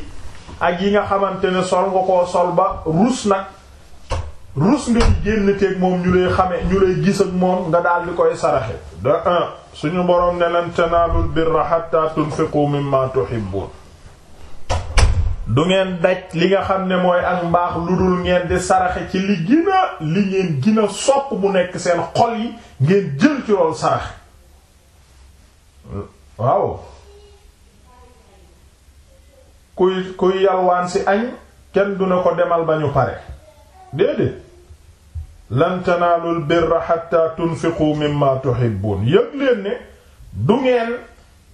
ak yi nga xamante ne sol nga koo sol ba rus nag rus nga di génn teeg moom ñu lay xame ñu lay gis ak moom nga daal di koy saraxe de un suñu boroom ne lan tanaalul birra hatta tunfiqu mimma tuhibbun du ngeen daj li nga xam ne mooy ak mbaax lu dul ngeen di saraxe ci li gina li ngeen gina sopp mu nekk seen xol yi ngeen jël ci loolu saraxe waaw kuy kuy yalwaan si añ kenn du na ko demal ba ñu pare déedéet lan tanaalul birra hatta tunfiqu mimma tuhibbun yëg leen ne du ngeen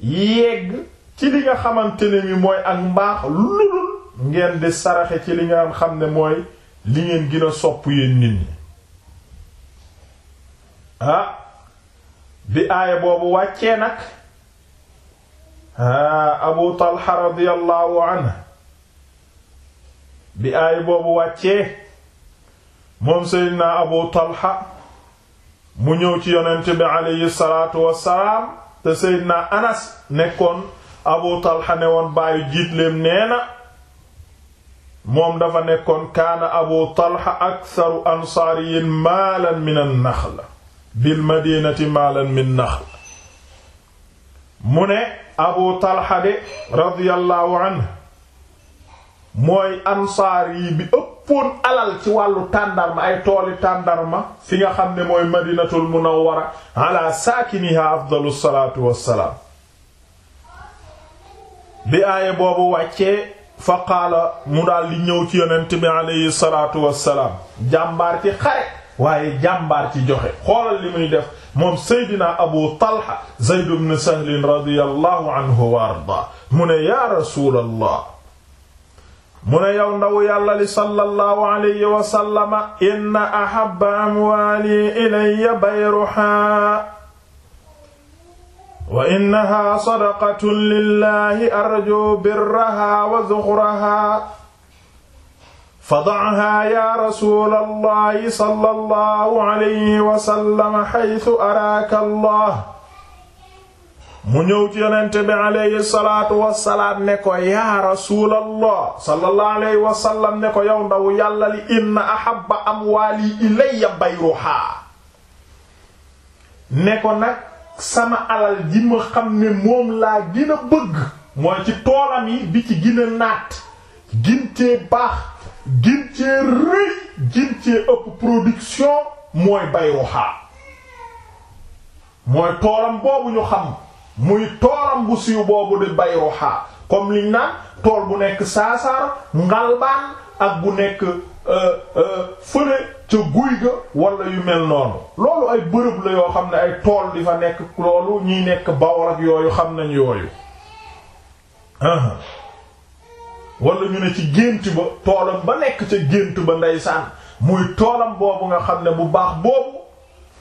yegg ci li nga xamante ni mooy ak mbaax lulul ngeen di saraxe ci li nga xam ne mooy li ngeen gën a sopp yéen nit ñi ah bi aaya boobu wàccee nag ah, Abu Talha radiyallahu anhu bi aaya boobu wàccee moom Seydina Abu Talha mu ñëw ci yonent bi aleyhi salaatu wassalaam te naa Anas nekkoon abu talxa ne woon bàyyi jiitleem nee moom dafa nekkoon kaan abu talxa aksaru ansaariyin maalan min an naxla bil madinati maalan min naxla mu ne abu talxa de radiyallahu anhu mooy ansaar bi ëppoon alal ci wàllu tàndarma ay tooli tàndarma fi nga xam ne mooy madinatul munawwara ala saakiniha afdalu salaatu wassalaam bi aaya boobu wàccee fa qaala mu daal di ñëw ci yonent bi aleyhi salaatu wassalaam jàmbaar ci xare waaye jàmbaar ci joxe xoolal li muy def moom seydina abu talha zayd ibn sahl radiyallahu anhu wa arda mu ne yaa rasuulallah mu ne yow ndaw yàlla li sallallahu alayhi wa sallama inna ahabba amwaali ilayya bayruha wa innaha sadaqatun lillahi arju birraha wa zuxraha fada'ha ya rasulallahi sallallahu alayhi wa sallam haythu araaka allah mu ñëw ci yonente bi alayhi salaatu wasalaam ne ko yaa rasuulallah sallallahu alayhi wa sallam ne ko yow ndaw yàlla li inna ahabba amwaali ilayya bayruha ne ko nag sama alal ji ma xam ne moom laa gën a bëgg mooy ci toolam yi bi ci gën a naat gin cee baax gin cee rëy gin cee ëpp production mooy bay waxaa mooy toolam boobu ñu xam muy toolam bu siiw boobu di bay waxaa comme liñ naan tool bu nekk saasaar ngalbaan ak bu nekk euh, euh, fële ca guy ga wala yu mel noonu loolu ay bërëb la yoo xam ne ay tool di fa nekk loolu ñiy nekk Bawol yooyu xam nañ yooyu wala ñu ne ci gént ba toolam ba nekk ca gént ba ndeysaan muy toolam boobu nga xam ne bu baax boobu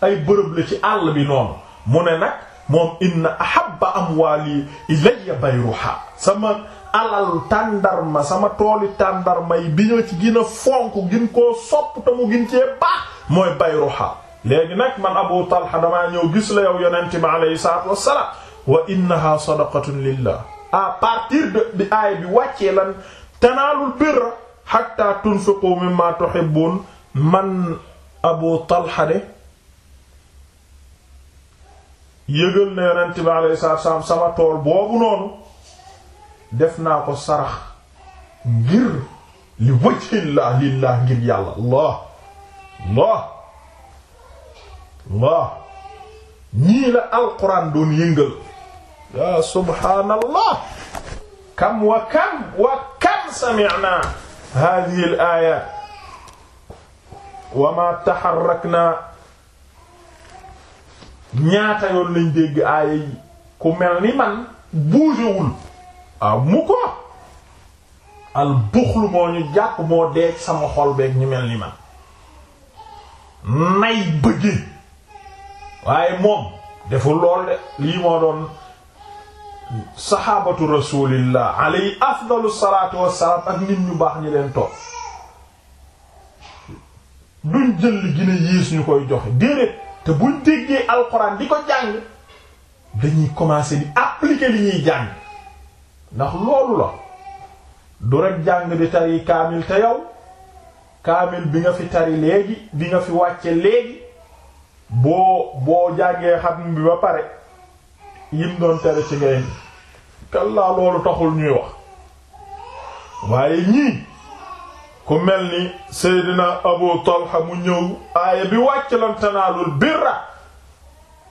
ay bërëb la ci àll bi noonu mu ne nag moom inna ahabba amwaali ilayya bayruha sama alal tàndarma sama tooli tàndarma bi ñoo ci gën a fonk gin koo sopp te gin cee baax mooy bayruha léegi nag man Abu Talha damaa ñëw gis la yow yonente bi aleyhi salatu wa innaha sadaqatun lillah à partir de bi aay bi wàccee lan tanaalul birra hatta tunfiqu mimma tuhibbun man Abu Talha de yëgal na yonente sama tool boobu noonu def naa ko sarax ngir li wajhillah lillah ngir yàlla allah allah allah ñii la alquran doon yëngal ya subhaanallah kam wa kam wa kam sami'na hadhihi al ayat wa ma taharrakna ñaata yoon lañ dégg aaya yi ku mel ni man bougewul waaw ah, mu ko al buxlu moo ñu jàpp moo dee ci sama xol beeg ñu mel ni man nay bëggee waaye moom deful lool de lii moo doon saxaabatu rasulillah alayhi afdalu salaatu wassalaam ak nit ñu baax ñi leen toog duñ jël li gën a ñu koy joxe déedéet te buñ déggee alxuraan di ko jàng dañuy commencer di appliquer li ñuy jàng ndax loolu la du rek jàng di tari kaamil te yow kaamil bi nga fi tari léegi bi nga fi wàcce léegi boo boo jàngee xam bi ba pare yim doon tari ci ngay kallaa loolu taxul ñuy wax waaye ñii ku mel ni Seydina Abu Talha mu ñëw aaya bi wàcc lan tanaalul birra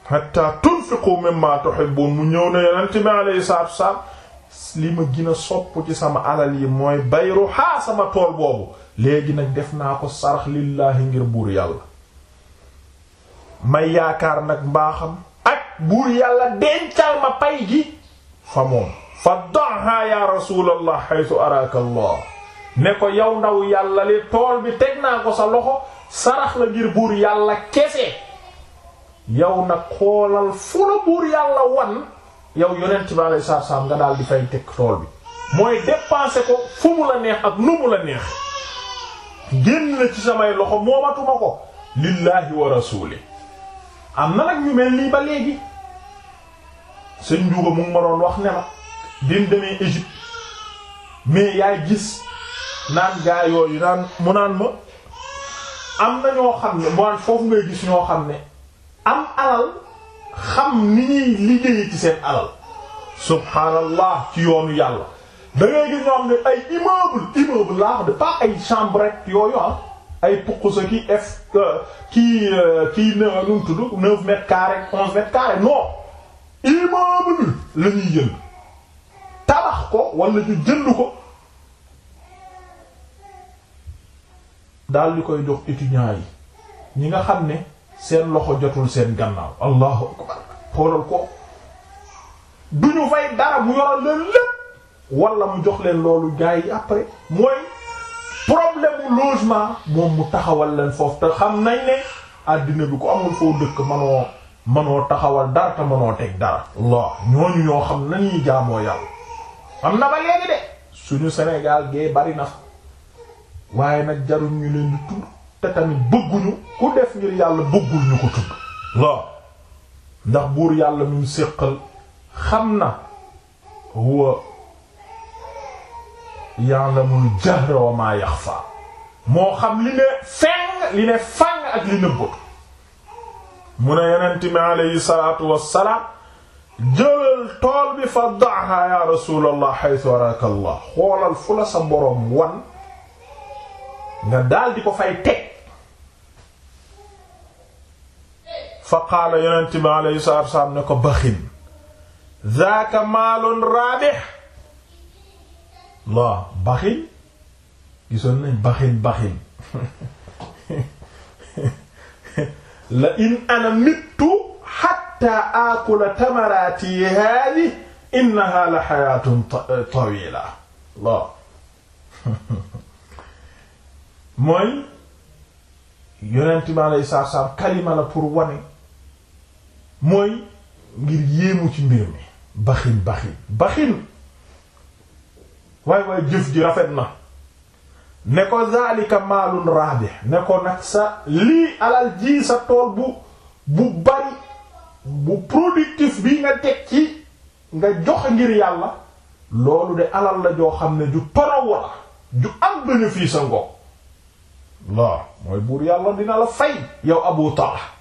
hatta tunfiqu mimma tuhibbun mu ñëw ne yonent bi alayhi salaatu wa salaam li ma gën a sopp ci sama alal yi mooy bayruha sama tool boobu léegi nag def naa ko sarax lillaahi ngir buur yàlla may yaakaar nag mbaaxam ak buur yàlla dencal ma pay gi fa moom fa daha ya rasulallah haythu araka allah ne ko yow ndaw yàlla li tool bi teg naa ko sa loxo sarax la ngir buur yàlla kese yow nag xoolal fu la buur yàlla wan yow yonent bi alei saatu salaam nga daal di fay teg tool bi mooy dépensé ko fu mu la neex ak nu mu la neex génn na ci samay loxo moomatuma ko lillahi a rasuli am na nag ñu mel nii ba léegi sëñ Ndiouga mu ngi ma doon wax ne ma bim demee Égypte yaay gis naan gaa yooyu naan mu naan ma am na ñoo xam ne mu foofu ngay gis ñoo xam ne am alal xam ni ñuy liggéey ci seen alal subhaanallah ci yoonu yàlla da ngay gis ñoo xam ne ay immeuble immeuble laa de pas ay chambre rek yooyu am ah. ay puq sa ki f euh, kii euh, kii nu mu tudd neuf mètres carrés onze mètres carrés non immeuble la ñuy jënd ko wala ñu jënd ko daal koy jox étudiants yi ñi nga xam ne seen loxo jotul seen gannaaw allahu akbar xoolal ko du ñu fay dara mu yoral leen lépp mu jox leen loolu gars yi après mooy problème mu logement moom mu taxawal leen foofu te xam nañ ne àddina bi ko amul foo dëkk mënoo mënoo taxawal dara te manoo teg dara Allah ñooñu ñoo xam nañuy jaamoo yàlla am na ba léegi de suñu Sénégal gee bari na waaye nag jaruñ leen tur te tamit bëgguñu ku def ngir yàlla bëggul ko tudd waaw ndax buur yàlla mu séqal xam na huwa ya'lamul jahra wa ma yaxfa moo xam li ne feng li ne fang ak li nëbbatu mu ne yonent mi aleyhi salaatu wassalaam jëlal tool bi fa da'ha ya rasulallah allah xoolal fu la sa boroom wan nga daal di ko fay teg fa qaala yonent bi alayhi salaatu wasalaam ne ko baxin zaaka maalun raabih la baxin gisoon nañ baxin baxin <laughs> la in ana mittu hatta aakula tamaraati haadihi innahaa la hayaatun eh, tawiila la <laughs> mooy yonent bi alayhi salaatu wasalaam kalima la pour wane mooy ngir yéemu ci mbir mi baxin baxin baxin waay waay jëf ji rafet na ne ko zalika maalun rabi ne ko nag sa lii alal ji sa tool bu bari bu productif bi nga teg ci nga joxe ngir yàlla loolu de alal la joo xam ne ju paraw la ju am bénéfice a ngoo waaw mooy buur yàlla dina la fay yow Abu Talha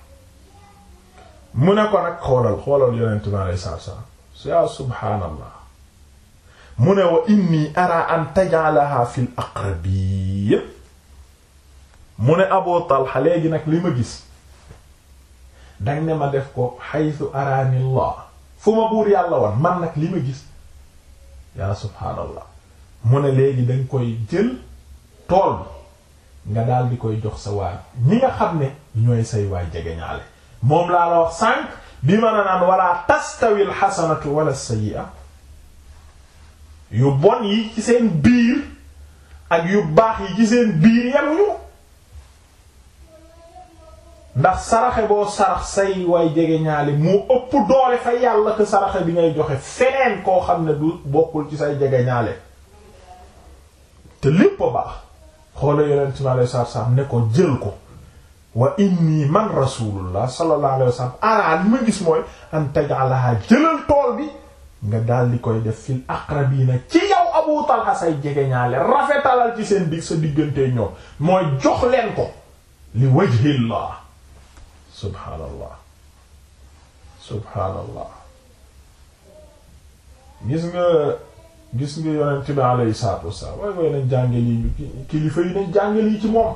mu ne ko nag xoolal xoolal yonent mi aleyhi salaatu wa salaam yaa subhaanallah mu ne wa inni ara an taj'alaha fil aqrabiin mu ne Abu Talha léegi nag li ma gis dang ne ma def ko haythu araanillah fu ma buur yàlla woon man nag li ma gis yaa subhaanallah mu ne léegi danga koy jël tool bi nga daal di koy jox sa waa ñi nga xam ne ñooy say waay jegeñaale moom laa la wax sànq bi mën a naan wala tastawil xasanatu wala sayyi'a yu bon yi ci seen biir ak yu baax yi ci seen biir yemuñu ndax saraxe boo sarax say waay jege ñaali moo ëpp doole fa yàlla ko saraxe bi ngay joxe feneen koo xam ne du bokkul ci say jege ñaale te lépp a baax xoola yonent mi alei satu salaam ne ko jël ko wa inni man rasulullah sallallahu alayhi wa sallam ana gis mooy an taj'alaha jëlal tool bi nga daal di koy def fil aqrabina ci yow Abu Talha say jegeñaale rafetalal ci seen dig sa diggante ñoom mooy jox leen ko li wajhillah subhaanallah subhaanallah gis nga gis nga yonent bi alayhi salaatu wasalaam way way yi kilifa yi nañ yi ci moom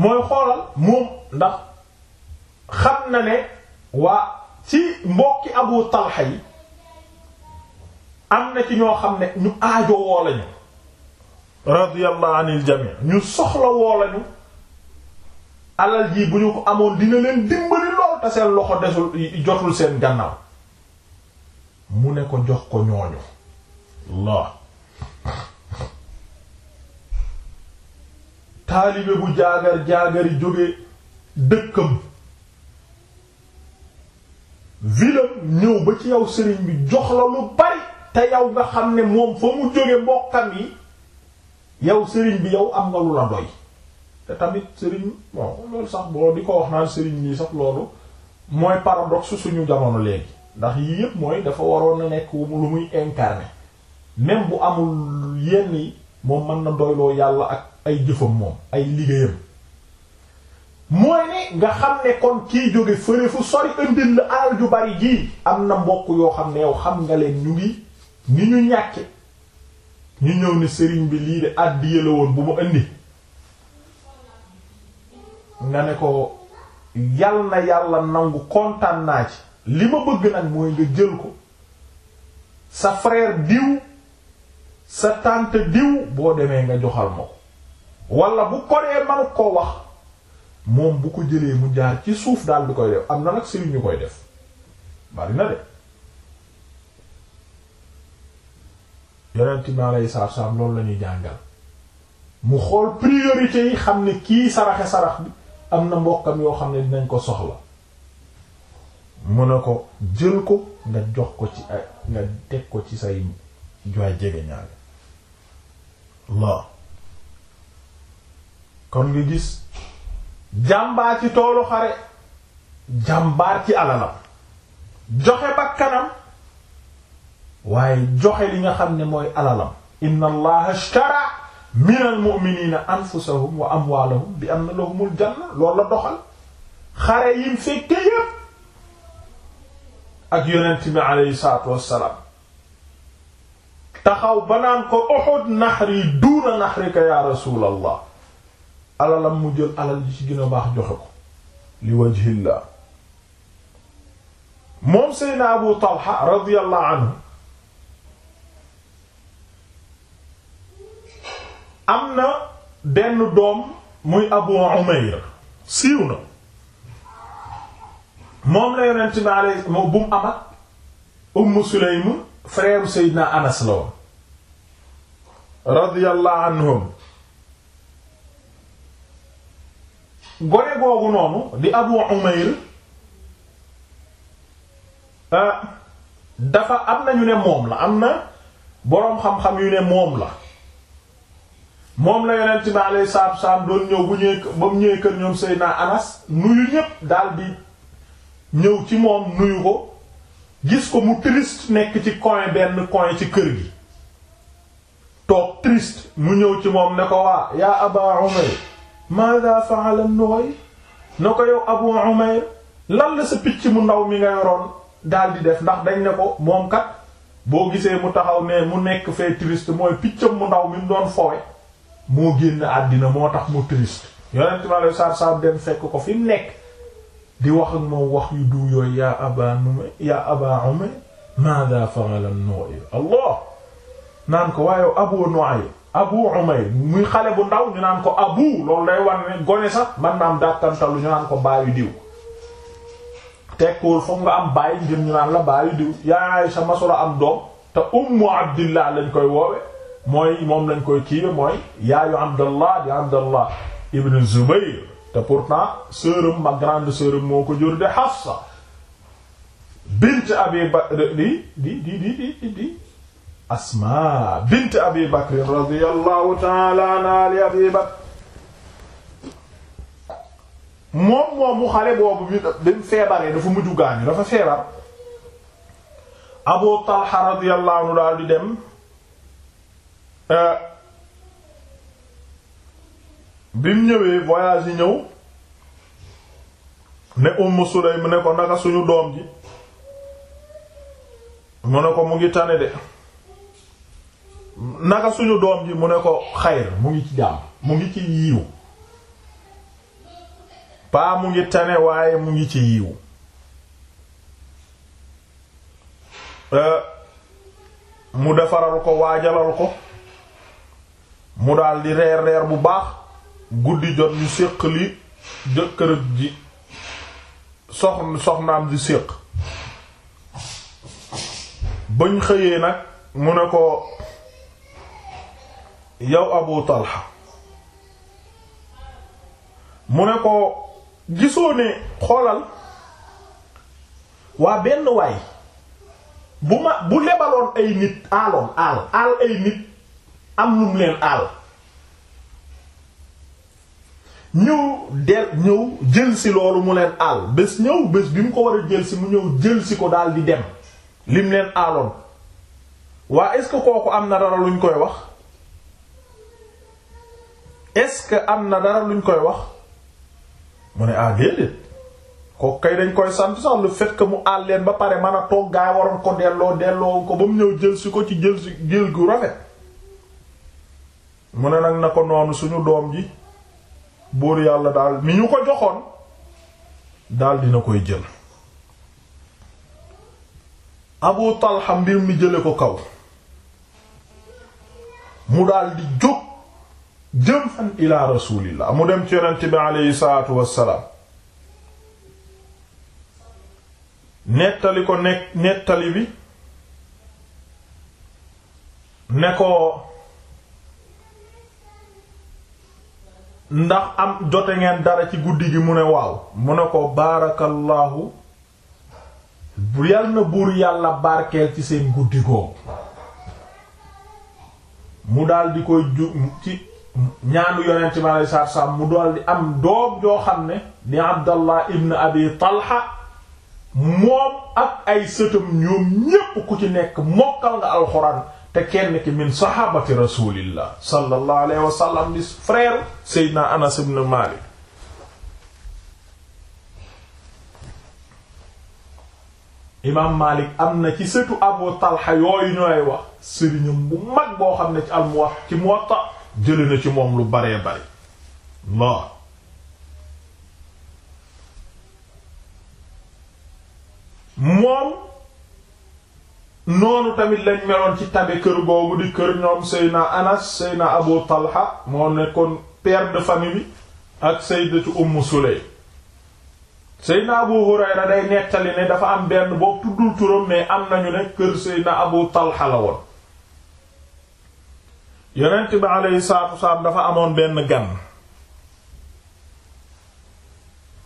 mooy xoolal moom ndax xam na ne waa ci mbokki Abu Talha yi am na ci ñoo xam ne ñu aajo woo lañu radiyallahu anil ñu soxla woo lañu alal ji bu ñu ko amoon dina leen dimbali lool te seen loxo desul jotul seen gannaaw mu ne ko jox ko ñooñu taalibe bu jaagar jaagari jóge dëkkam vilam ñëw ba ci yow sëriñ bi jox la lu bari te yow nga xam ne moom fa mu jóge mbokkam yi yow sëriñ bi yow am nga lu la doy te tamit sëriñ bon loolu sax boo di ko wax naan sëriñ nii sax loolu mooy paradoxe suñu jamono léegi ndax yii yépp mooy dafa waroon a nekk lu muy incarné même bu amul yenn yi moom mën na doyloo yàlla ak ay jëfam moom ay liggéeyam mooy ne nga xam ne kon kii jóge fële fu sori ëndil la alal ju bari jii am na mbokk yoo xam ne yow xam nga leen ñu ngi ni ñu ñàkke ñu ñëw ne sëriñ bi lii de àddiya la bu mu indi nga ne ko yal na yàlla nangu kontaan naa ci li ma bëgg nag mooy nga jël ko sa frère diw sa tante diw boo demee nga joxal ma ko wala bu ko dee manu koo wax moom bu ko jëlee mu jaar ci suuf daal di koy def am na nag sëriñ ñu koy def bari na de yonent bi alayhi salaatu salaam loolu la jàngal mu xool priorité yi xam ne kii saraxe sarax bi am na mbokkam yoo xam ne dinañ ko soxla mu ne ko jël ko nga jox ko ci ay nga teg ko ci say joy jege ñaale waaw kon li gis jàmbaar ci toolu xare jàmbaar ci alalam joxe bakkanam waaye joxe li nga xam ne mooy alalam inna allaha ishtara min almu'minina anfusahum wa amwaalahum bi anna lahumul janna loolu la doxal xare yim fekke yépp ak yonent bi aleyhi salaatu wassalaam taxaw ba naan ko Uhud nahri duuna nahrika ya rasulallah alalam mu jël alal ji ci gën a baax joxe ko li wajhillah moom Seydina Abu Talha radiyallahu anhu am na benn doom muy Abu Umayr siiw na moom la yonent bi ale bu mu am ak Umm Sulaym frère Anas la woon radiyallahu anhum gone googu noonu di Abu Umayr ah, dafa am na ñu ne moom la am na boroom xam-xam yu ne moom la moom la yonent bi alayhi salaatu wasalaam doon ñëw bu ñëwee ba mu ñëwee kër ñoom Seydina Anas nuyu ñépp daldi ñëw ci moom nuyu ko gis ko mu triste nekk ci coin benn coin ci kër gi toog triste mu ñëw ci moom ne ko waa yaa Aba Umayr maada fa'ala nuway na ko yow Abu Umayr lan sa picc mu ndaw mi nga yoroon daal di def ndax dañ ne ko moom kat boo gisee mu taxaw ne mu nekk fee triste mooy piccam mu ndaw mi mu doon fowe moo génn àddina moo tax mu triste yonent mi alei satu salaam dem fekk ko fi mu nekk di wax ak moom wax yu du yooyu yaa aba nume yaa aba ume maada fa'ala nuway allah naan ko waaye Abu Nu'aym Abu Umayr muy xale bu ndaw ñu naan ko abu loolu day war ne gone sax man na am dàkkantalu ñu naan ko baayu diw tekkool foog nga am baay ngir ñu naan la baayu diw yaa Aysa masula am doom te ummu abdillah lañ koy woowe mooy moom lañ koy kiiwe mooy yaayu abdallah di abdallah ibn Zubayr te pourtant sœuram ma grande sœuram moo ko jur de Hafsa bint Abi Bakr di di di di di asma bint abi bakr radiyallahu li abi bakr moom moomu xale boobu bi bi mu feebaree dafa mujju gaañu dafa feebar abu talha radiyallahu anhu daal di dem euh, bi mu ñëwee voyage yi ñëw ne umm sulaym ne ko naka suñu doom ji mu ne ko mu ngi tane de naka suñu doom ji mu ne ko xayr mu ngi ci jàmm mu ngi ci yiiw paa mu ngi tane waaye mu ngi ci yiiw euh, mu defaral ko waa waajalal ko mu daldi di reer reer bu baax guddi jot ñu séq li jëkkër ji soxna soxnaam di séq bañ xëyee nag mu ne ko yow Abu Talha mu ne ko gisoo ne xoolal waa benn waay bu ma bu lebaloon ay nit aaloon aal aal ay nit am num leen aal ñëw del ñëw jël si loolu mu leen aal bés ñëw bés bi mu ko war a jël si mu ñëw jël si ko daal di dem lim leen aaloon waa est kooku am na dara luñ koy wax est-ce que am na dara ñu koy wax mu ne ah déedéet ko dañ koy sant sax lu mu àlleen ba pare man a toog waroon ko delloo delloo ko ba mu ñëw jël si ko ci jël si jël gu rafet mu ne nag na ko noonu suñu doom ji buur yàlla daal mi ñu ko joxoon daal na koy jël Abu Talha mbir mi jële ko kaw mu daal di jóg jëm fan ila rasulillah mu dem ci bi aleyhi salaatu wassalaam nettali ko nekk nettali bi ne ko ndax am jote ngeen dara ci guddi gi mu ne waaw mu ne ko baarakallaahu bu yal na buur yàlla barkeel ci seen guddi googu mu dal koy ju ci ñaanu yonent bi alayhi mu dool di am doom joo xam ne di Abdallah ibn Abi Talha moom ak ay sëtam ñoom ñépp ku ci nekk mokkal nga alxuraan te kenn ki min sahabati rasulillah sallallahu alayhi wa sallam di frère Anas ibn Malik imaam Malik am na ci sëtu Abu Talha yooyu ñooy wax sëriñam bu mag boo xam ne ci al-Muwatta ci Muwatta jële ci moom lu baree bare laa moom noonu tamit lañ meloon ci tabe kër boobu di kër ñoom Seyna Anas Seyna Abu Talha moo nekkoon père de famille bi ak Sayyidatu Ummu Sulaym Seyna Abu Hurayra day nettali ne dafa am benn boo tuddul turam mais am nañu ne kër Seyna Abu Talha la woon yonent bi aleyhi salaatu wasalaam dafa amoon benn gan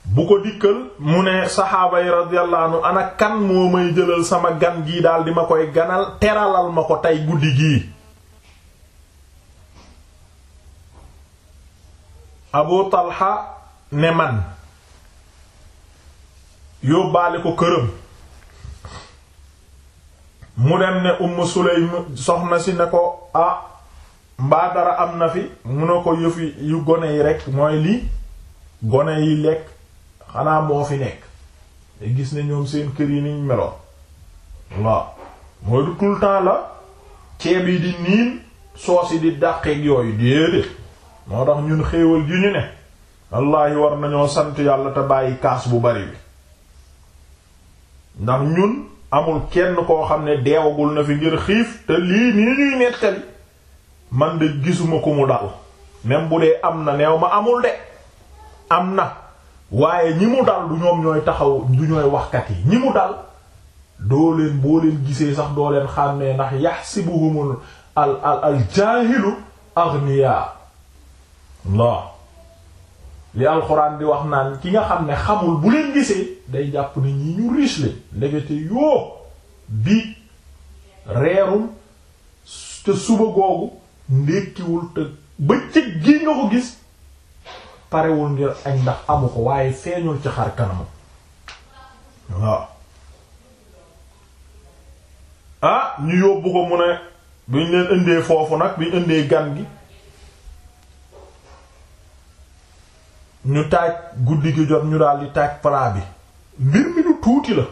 bu ko dikkal mu ne saxaaba yi radiyallahu anhu ana kan moo may jëlal sama gan gii daal di ma koy ganal teralal ma ko tey guddi gii Abu Talha ne man yóbbaale ko këram mu dem ne Umm Sulaym soxna si ne ko ah mbaa dara am na fi mu ne ko yëfi yu gone yi rek mooy lii gone yi lekk xanaa moo fi nekk te gis ne ñoom seen kër yi niñ meloon waaw mooy du tout le temps la ceeb yi di niin soos yi di dàqeeg yooyu déedéet moo tax ñun xéewal ju ñu ne wallaahi war nañoo sant yàlla te bàyyi kaas bu bari bi ndax ñun amul kenn koo xam ne deewagul na fi ngir xiif te lii nii ñuy nettali man de gisuma ko mu dal même bu dee am na neew ma amul de am na waaye ñi mu dal du ñoom ñooy taxaw du ñooy waxkat yi ñi mu dal doo leen boo leen gisee sax doo leen xàmmee ndax yaxsibuhumul al al al jaahilu aghniya Allah li alxuraan di wax naan ki nga xam ne xamul bu leen gisee day jàpp ne ñi ñu riche lañ ndekete yoo bi reerum te suba googu ndékkiwul te bëccëg gi nga ko gis parewul ngir añ ndax amu ko waaye feeñul ci xar kanamam waaw ah ñu yóbbu ko mu ne biñ leen indee foofu nag biñ indee gan gi ñu taaj guddi gi jot ñu daal taaj palaa bi mbir mi lu tuuti la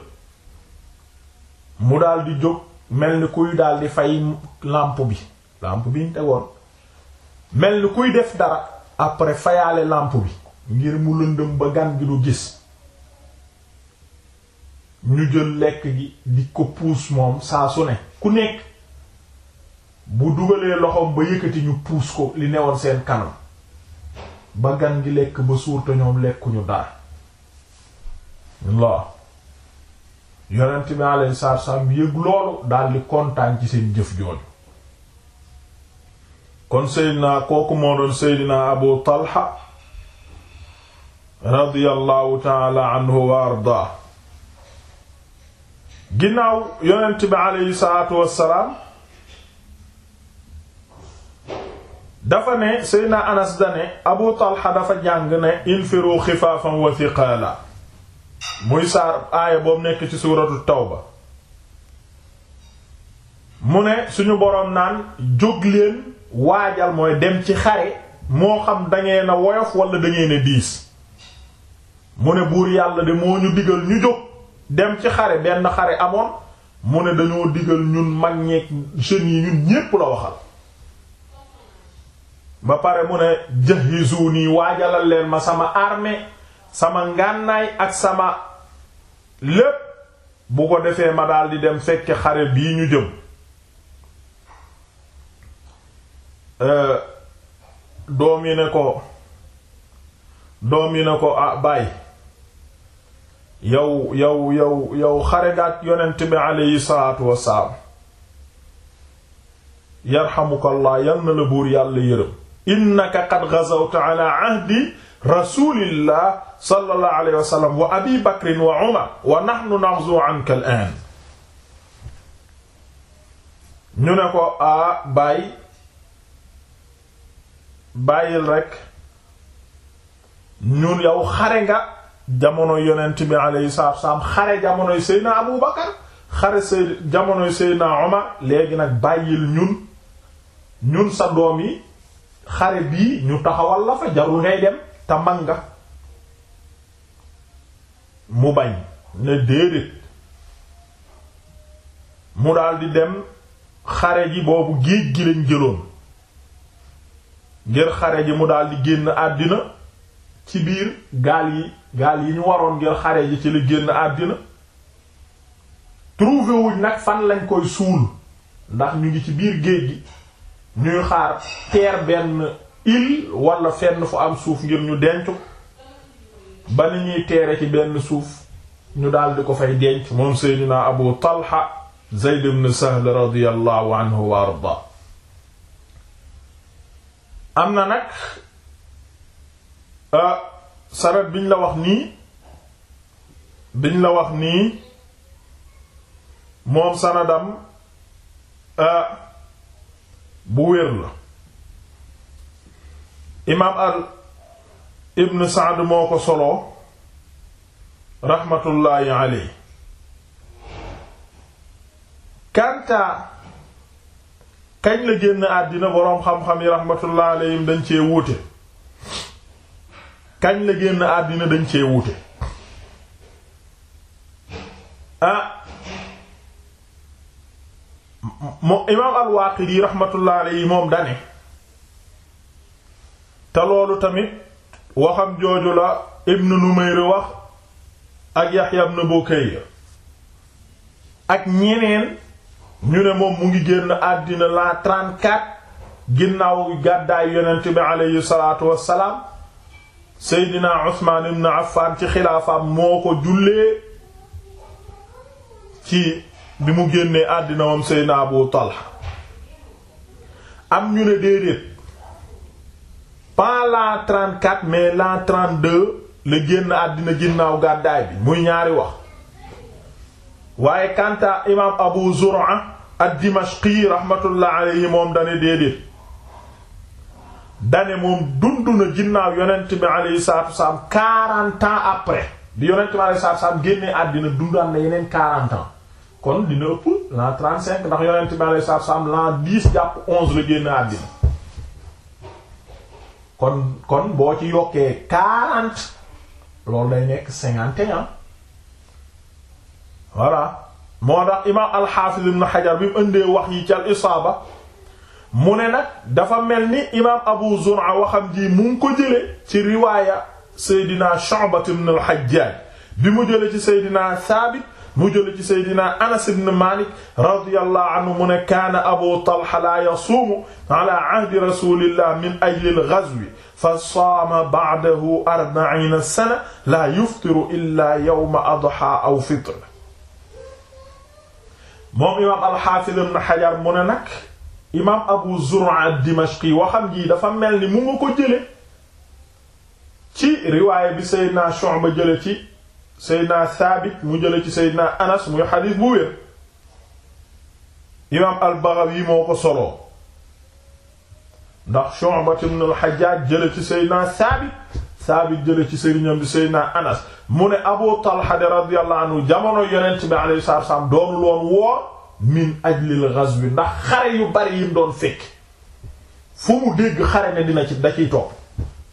mu daldi jóg mel ni kuy daldi fay làmp bi lampe bi ñu tegoon mel ni kuy def dara après fayaale lampe bi ngir mu lëndëm ba gan gi du gis ñu jël lekk gi di ko puus moom saa su ne ku nekk bu dugalee loxoom ba yëkkati ñu puus ko li newoon seen kanam ba gan gi lekk ba suur te ñoom lekkuñu dara waaw yonent bi alayhi salaatu wa salaam yëg loolu daldi kontaan ci seen jëf jooju kon seydinaa kooku moo doon seydinaa abu talha radiyallahu taala dafa ne seydinaa anas dane abu talha dafa jàng ne infiru xifaafan wa thiqaala muy saar aaya boobu nekk ci suuratu tawba mu ne suñu boroom naan jóg waajal mooy dem ci xare moo xam dangeen a woyof wala dangeen diis mu ne buur yàlla de moo ñu digal ñu jóg dem ci xare benn xare amoon mu ne dañoo digal ñun mag ñeeg jeunes yi ñun ñépp la waxal ba pare mu ne jahizuni waajalal leen ma sama armée sama ngànnaay ak sama lépp bu ko defee ma daal di dem fekk xare bii ñu jëm doom yi ne ko doom yi ne ko ah baay yow yow yow yow xare nga ak yonent bi aleyhi salaatu wassalaam yarxamukallah yal na la buur yàlla yërëm innaka qad ghazawta ala ahdi rasulillah sallallahu alayhi wa sallam wa abi bakrin wa umar wa nahnu naghzu anka al an ñu ne ko a ah, baay bàyyil rekk ñun yow xare nga jamono yonent bi alayhi salaatu wasalaam xare jamonoy Seydina Abu Bakar xare say jamonoy Seydina Omar léegi nag bàyyil ñun ñun sa doom yi xare bii ñu taxawal la fa jarul ngay dem te nga mu bañ ne déedéet mu daldi dem xare ji boobu géej gi lañ jëloon ngir xare ji mu daldi génn àddina ci biir gaal yi gaal yi ñu waroon ngir xare ji ci la génn àddina trouvé wuñ nag fan lañ koy suul ndax ñu ngi ci biir géej gi ñuy xaar teer benn île walla fenn fu am suuf ngir ñu denc ba ni ñuy teere ci benn suuf ñu daldi ko fay denc moom Seydina Abu Talha Zayd ibn Sahl radiyallahu anhu wa arda am na nag euh, saret biñ la wax nii biñ la wax nii moom sanadam euh, bu wér la imaam al ibn Saad moo ko soloo raxmatullaahi aley kantaa kañ la génn àddina boroom xam-xam yi rahmatullah alayhim dañ cee wuute kañ la génn àddina dañ cee wuute ah moom imaam al-Waaqidi rahmatullah alayhi moom dane te loolu tamit waxam jooju la Ibn Numayr wax ak Yahya ibn Bukayr ak ñeneen ñu ne moom mu ngi génn àddina la 34 ginnaaw gàddaay yonent bi aleyhi salaatu wassalaam seydina Usmaan ibn Affaan ci xilaafaam moo ko jullee ci bi mu génnee àddina moom seydina Abu Talha am ñu ne déedéet pas la 34 mais la 32 la génn àddina ginnaaw gàddaay bi muy ñaari wax waaye kanta imaam abu zur'a ad-dimashqi rahmatullah alayhi moom dane déedéet dane moom dund na ginnaaw yonent bi alayhi salaatu wasalaam quarante ans après di yonent bi alayhi salaatu wasalaam génnee àddina dundaan na yeneen quarante ans kon dina ëpp l'an trente-cinq ndax yonent bi alayhi salaatu wasalaam l'an dix jàpp onze la génn àddina kon kon boo ci yokkee quarante loolu day nekk cinquante et voilà moo tax imaam alxaafiz ibn xajar bi mu indee wax yi ci al isaaba mu ne nag dafa mel ni imaam abu zur'a waxam ji mu ngi ko jële ci riwaaya seydina shu'bat ibn al xajjaaj bi mu jële ci seydina saabit mu jële ci seydina anas ibn malik radiyallahu anhu mu ne kaana abu talha la yasuumu ala ahdi rasulillah min ajli al ghazwi fa saama ba'dahu arba'iina sana la yuftiru illa yawma adha aw fitr moom imaam alxaafiz ibn xajar mu ne nag imaam abu zur'a dimashqi waxam ji dafa mel ni mu nga ko jële ci riwaaya bi seydna Shu'ba jële ci seydna thaabit mu jële ci seydna anas muy xadiis bu wér imaam al-Baghawi moo ko soloo ndax Shu'ba ibn al-Hajjaj jële ci seydna thaabit saabit jële ci sëriñam bi Seydina Anas mu ne Abu Talha de radiyallahu anhu jamono yonent bi alayhi salaatu wasallam doonul woon woor min ajlil ghazwi ndax xare yu bari yim doon fekk fu mu dégg xare ne dina ci da ciy topp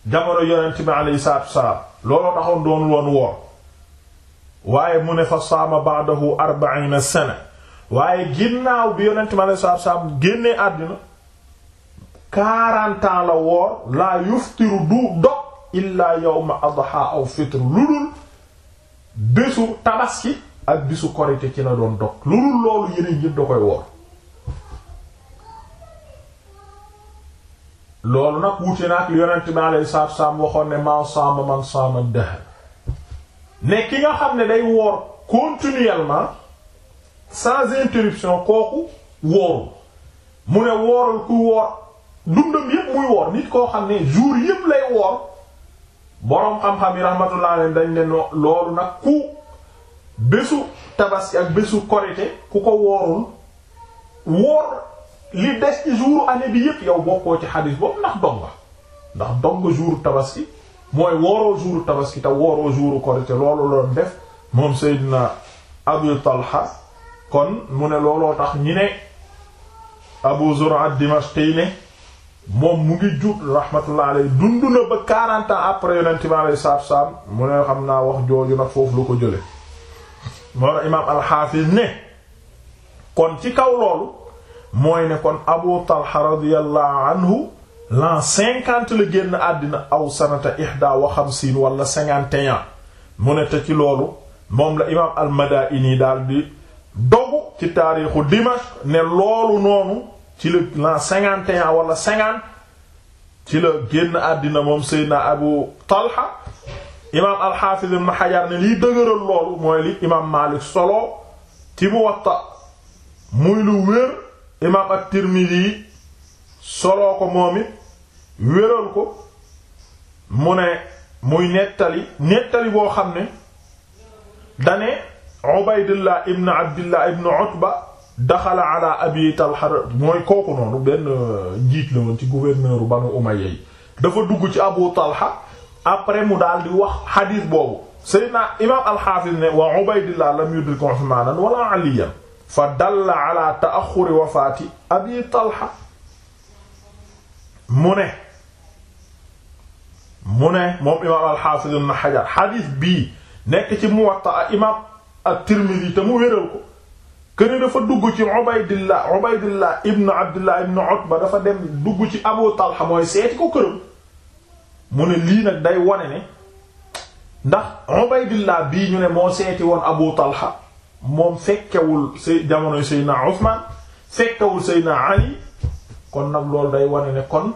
yonent bi alayhi salaatu wasallam looloo taxoon doonul woon woor waaye mu ne fa saama ba'dahu arba'iina sana waaye ginnaaw bi yonent bi alayhi salaatu wasallam génnee àddina quarante woor laa yuftiru du dog illaa yawma adha aw fitr lu dul bésu tabaski ak bésu korite ci la doon dog lu dul loolu yeneen yëpp da koy woor loolu nag wuute na ak li yonent bi alayhi salaatu waxoon ne maa saama man saama dahr ne ki nga xam ne day woor continuellement sans interruption kooku wooru mu ne wooral ku woor dundam yépp muy woor nit koo xam ne jour yépp lay woor boroom xam-xam yi rahmatullah alayhi dañ ne loolu nag ku bésu tabaski ak bésu korité ku ko woorul woor li des ci jour année bi yépp yow bokkoo ci xadis boobu ndax dog nga ndax dog nga tabaski mooy wooroo jour tabaski te wooroo jour korité loolu loon def moom Seydina Abu Talha kon mu ne looloo tax ñi ne Abu Zur'a ad-Dimashqi moom mu ngi jut rahmatullah alayhi dund na ba après yonent bi alayhi salaatu mu ne xam naa wax jooju nag foofu lu ko jële moo na imaam alxaafis ne kon ci kaw loolu mooy ne kon Abu Talha radiyallahu l'an cinquante la génn àddina aw sanata ihda wa xamsiin wala cinquante et mu ne te ci loolu moom la imaam al-Madaini daal di dogu ci taarixu Dimashq ne loolu noonu ci la l'an cinquante et un wala cinquante ci la génn àddina moom Seydina Abu Talha imaam al-Hafiz Ibn ne liy dëgëral loolu mooy li imaam Maalik solo ci Muwatta muy lu wér imaam at-Tirmidhi soloo ko moom it wéral ko mu ne muy nettali nettali boo xam ne dane Ubaydullah ibn Abdillah ibn Utba daxala ala abi talha mooy kooku noonu benn euh, njiit la woon ci gouverneur banu umayya yi dafa dugg ci abu talha après mu daal di wax xadiis boobu sayyidina imam alxaafis ne wa ubaydillah lam wala abi talha mu ne mu ne moom imaam alxaafis ibn xajar xadiis bii nekk ci muwatta imaam at-tirmidhi te mu wéral këne dafa dugg ci Ubaydillah Ubaydillah ibn Abdullah ibn Utba dafa dem dugg ci Abu Talha mooy seeti ko këram mu ne lii nag day wone ne ndax Ubaydillah bii ñu ne moo seeti woon moom fekkewul say jamonoy Seydina na loolu day wane kon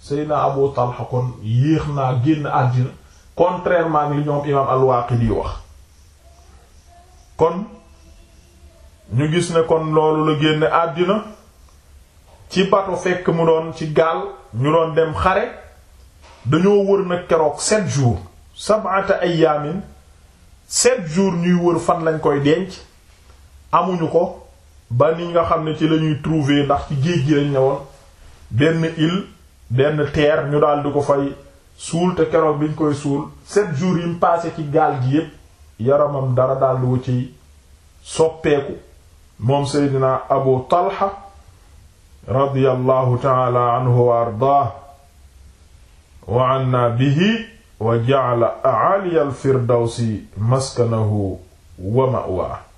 Seydina Abu Talha kon yéex naa génn àddina contrairement li ñoom imaam al-Waaqidi wax kon ñu gis ne kon loolu la génn àddina ci bato fekk mu doon ci gaal ñu doon dem xare dañoo wër na keroog sept jours ay ayyamin sept jours ñuy wër fan lañ koy denc amuñu ko ba ni nga xam ne ci lañuy trouver ndax ci géej gi lañ ne woon benn île benn terre ñu daal ko fay suul te keroog biñ koy suul sept jours yi mu ci gaal gi yépp yaramam dara daal di ko ciy soppeeku moom seydina abu talha radiyallahu taala anhu wa ardaah wa anna bihi wa ja'ala a'ali al-firdawsi maskanahu wa ma'waahu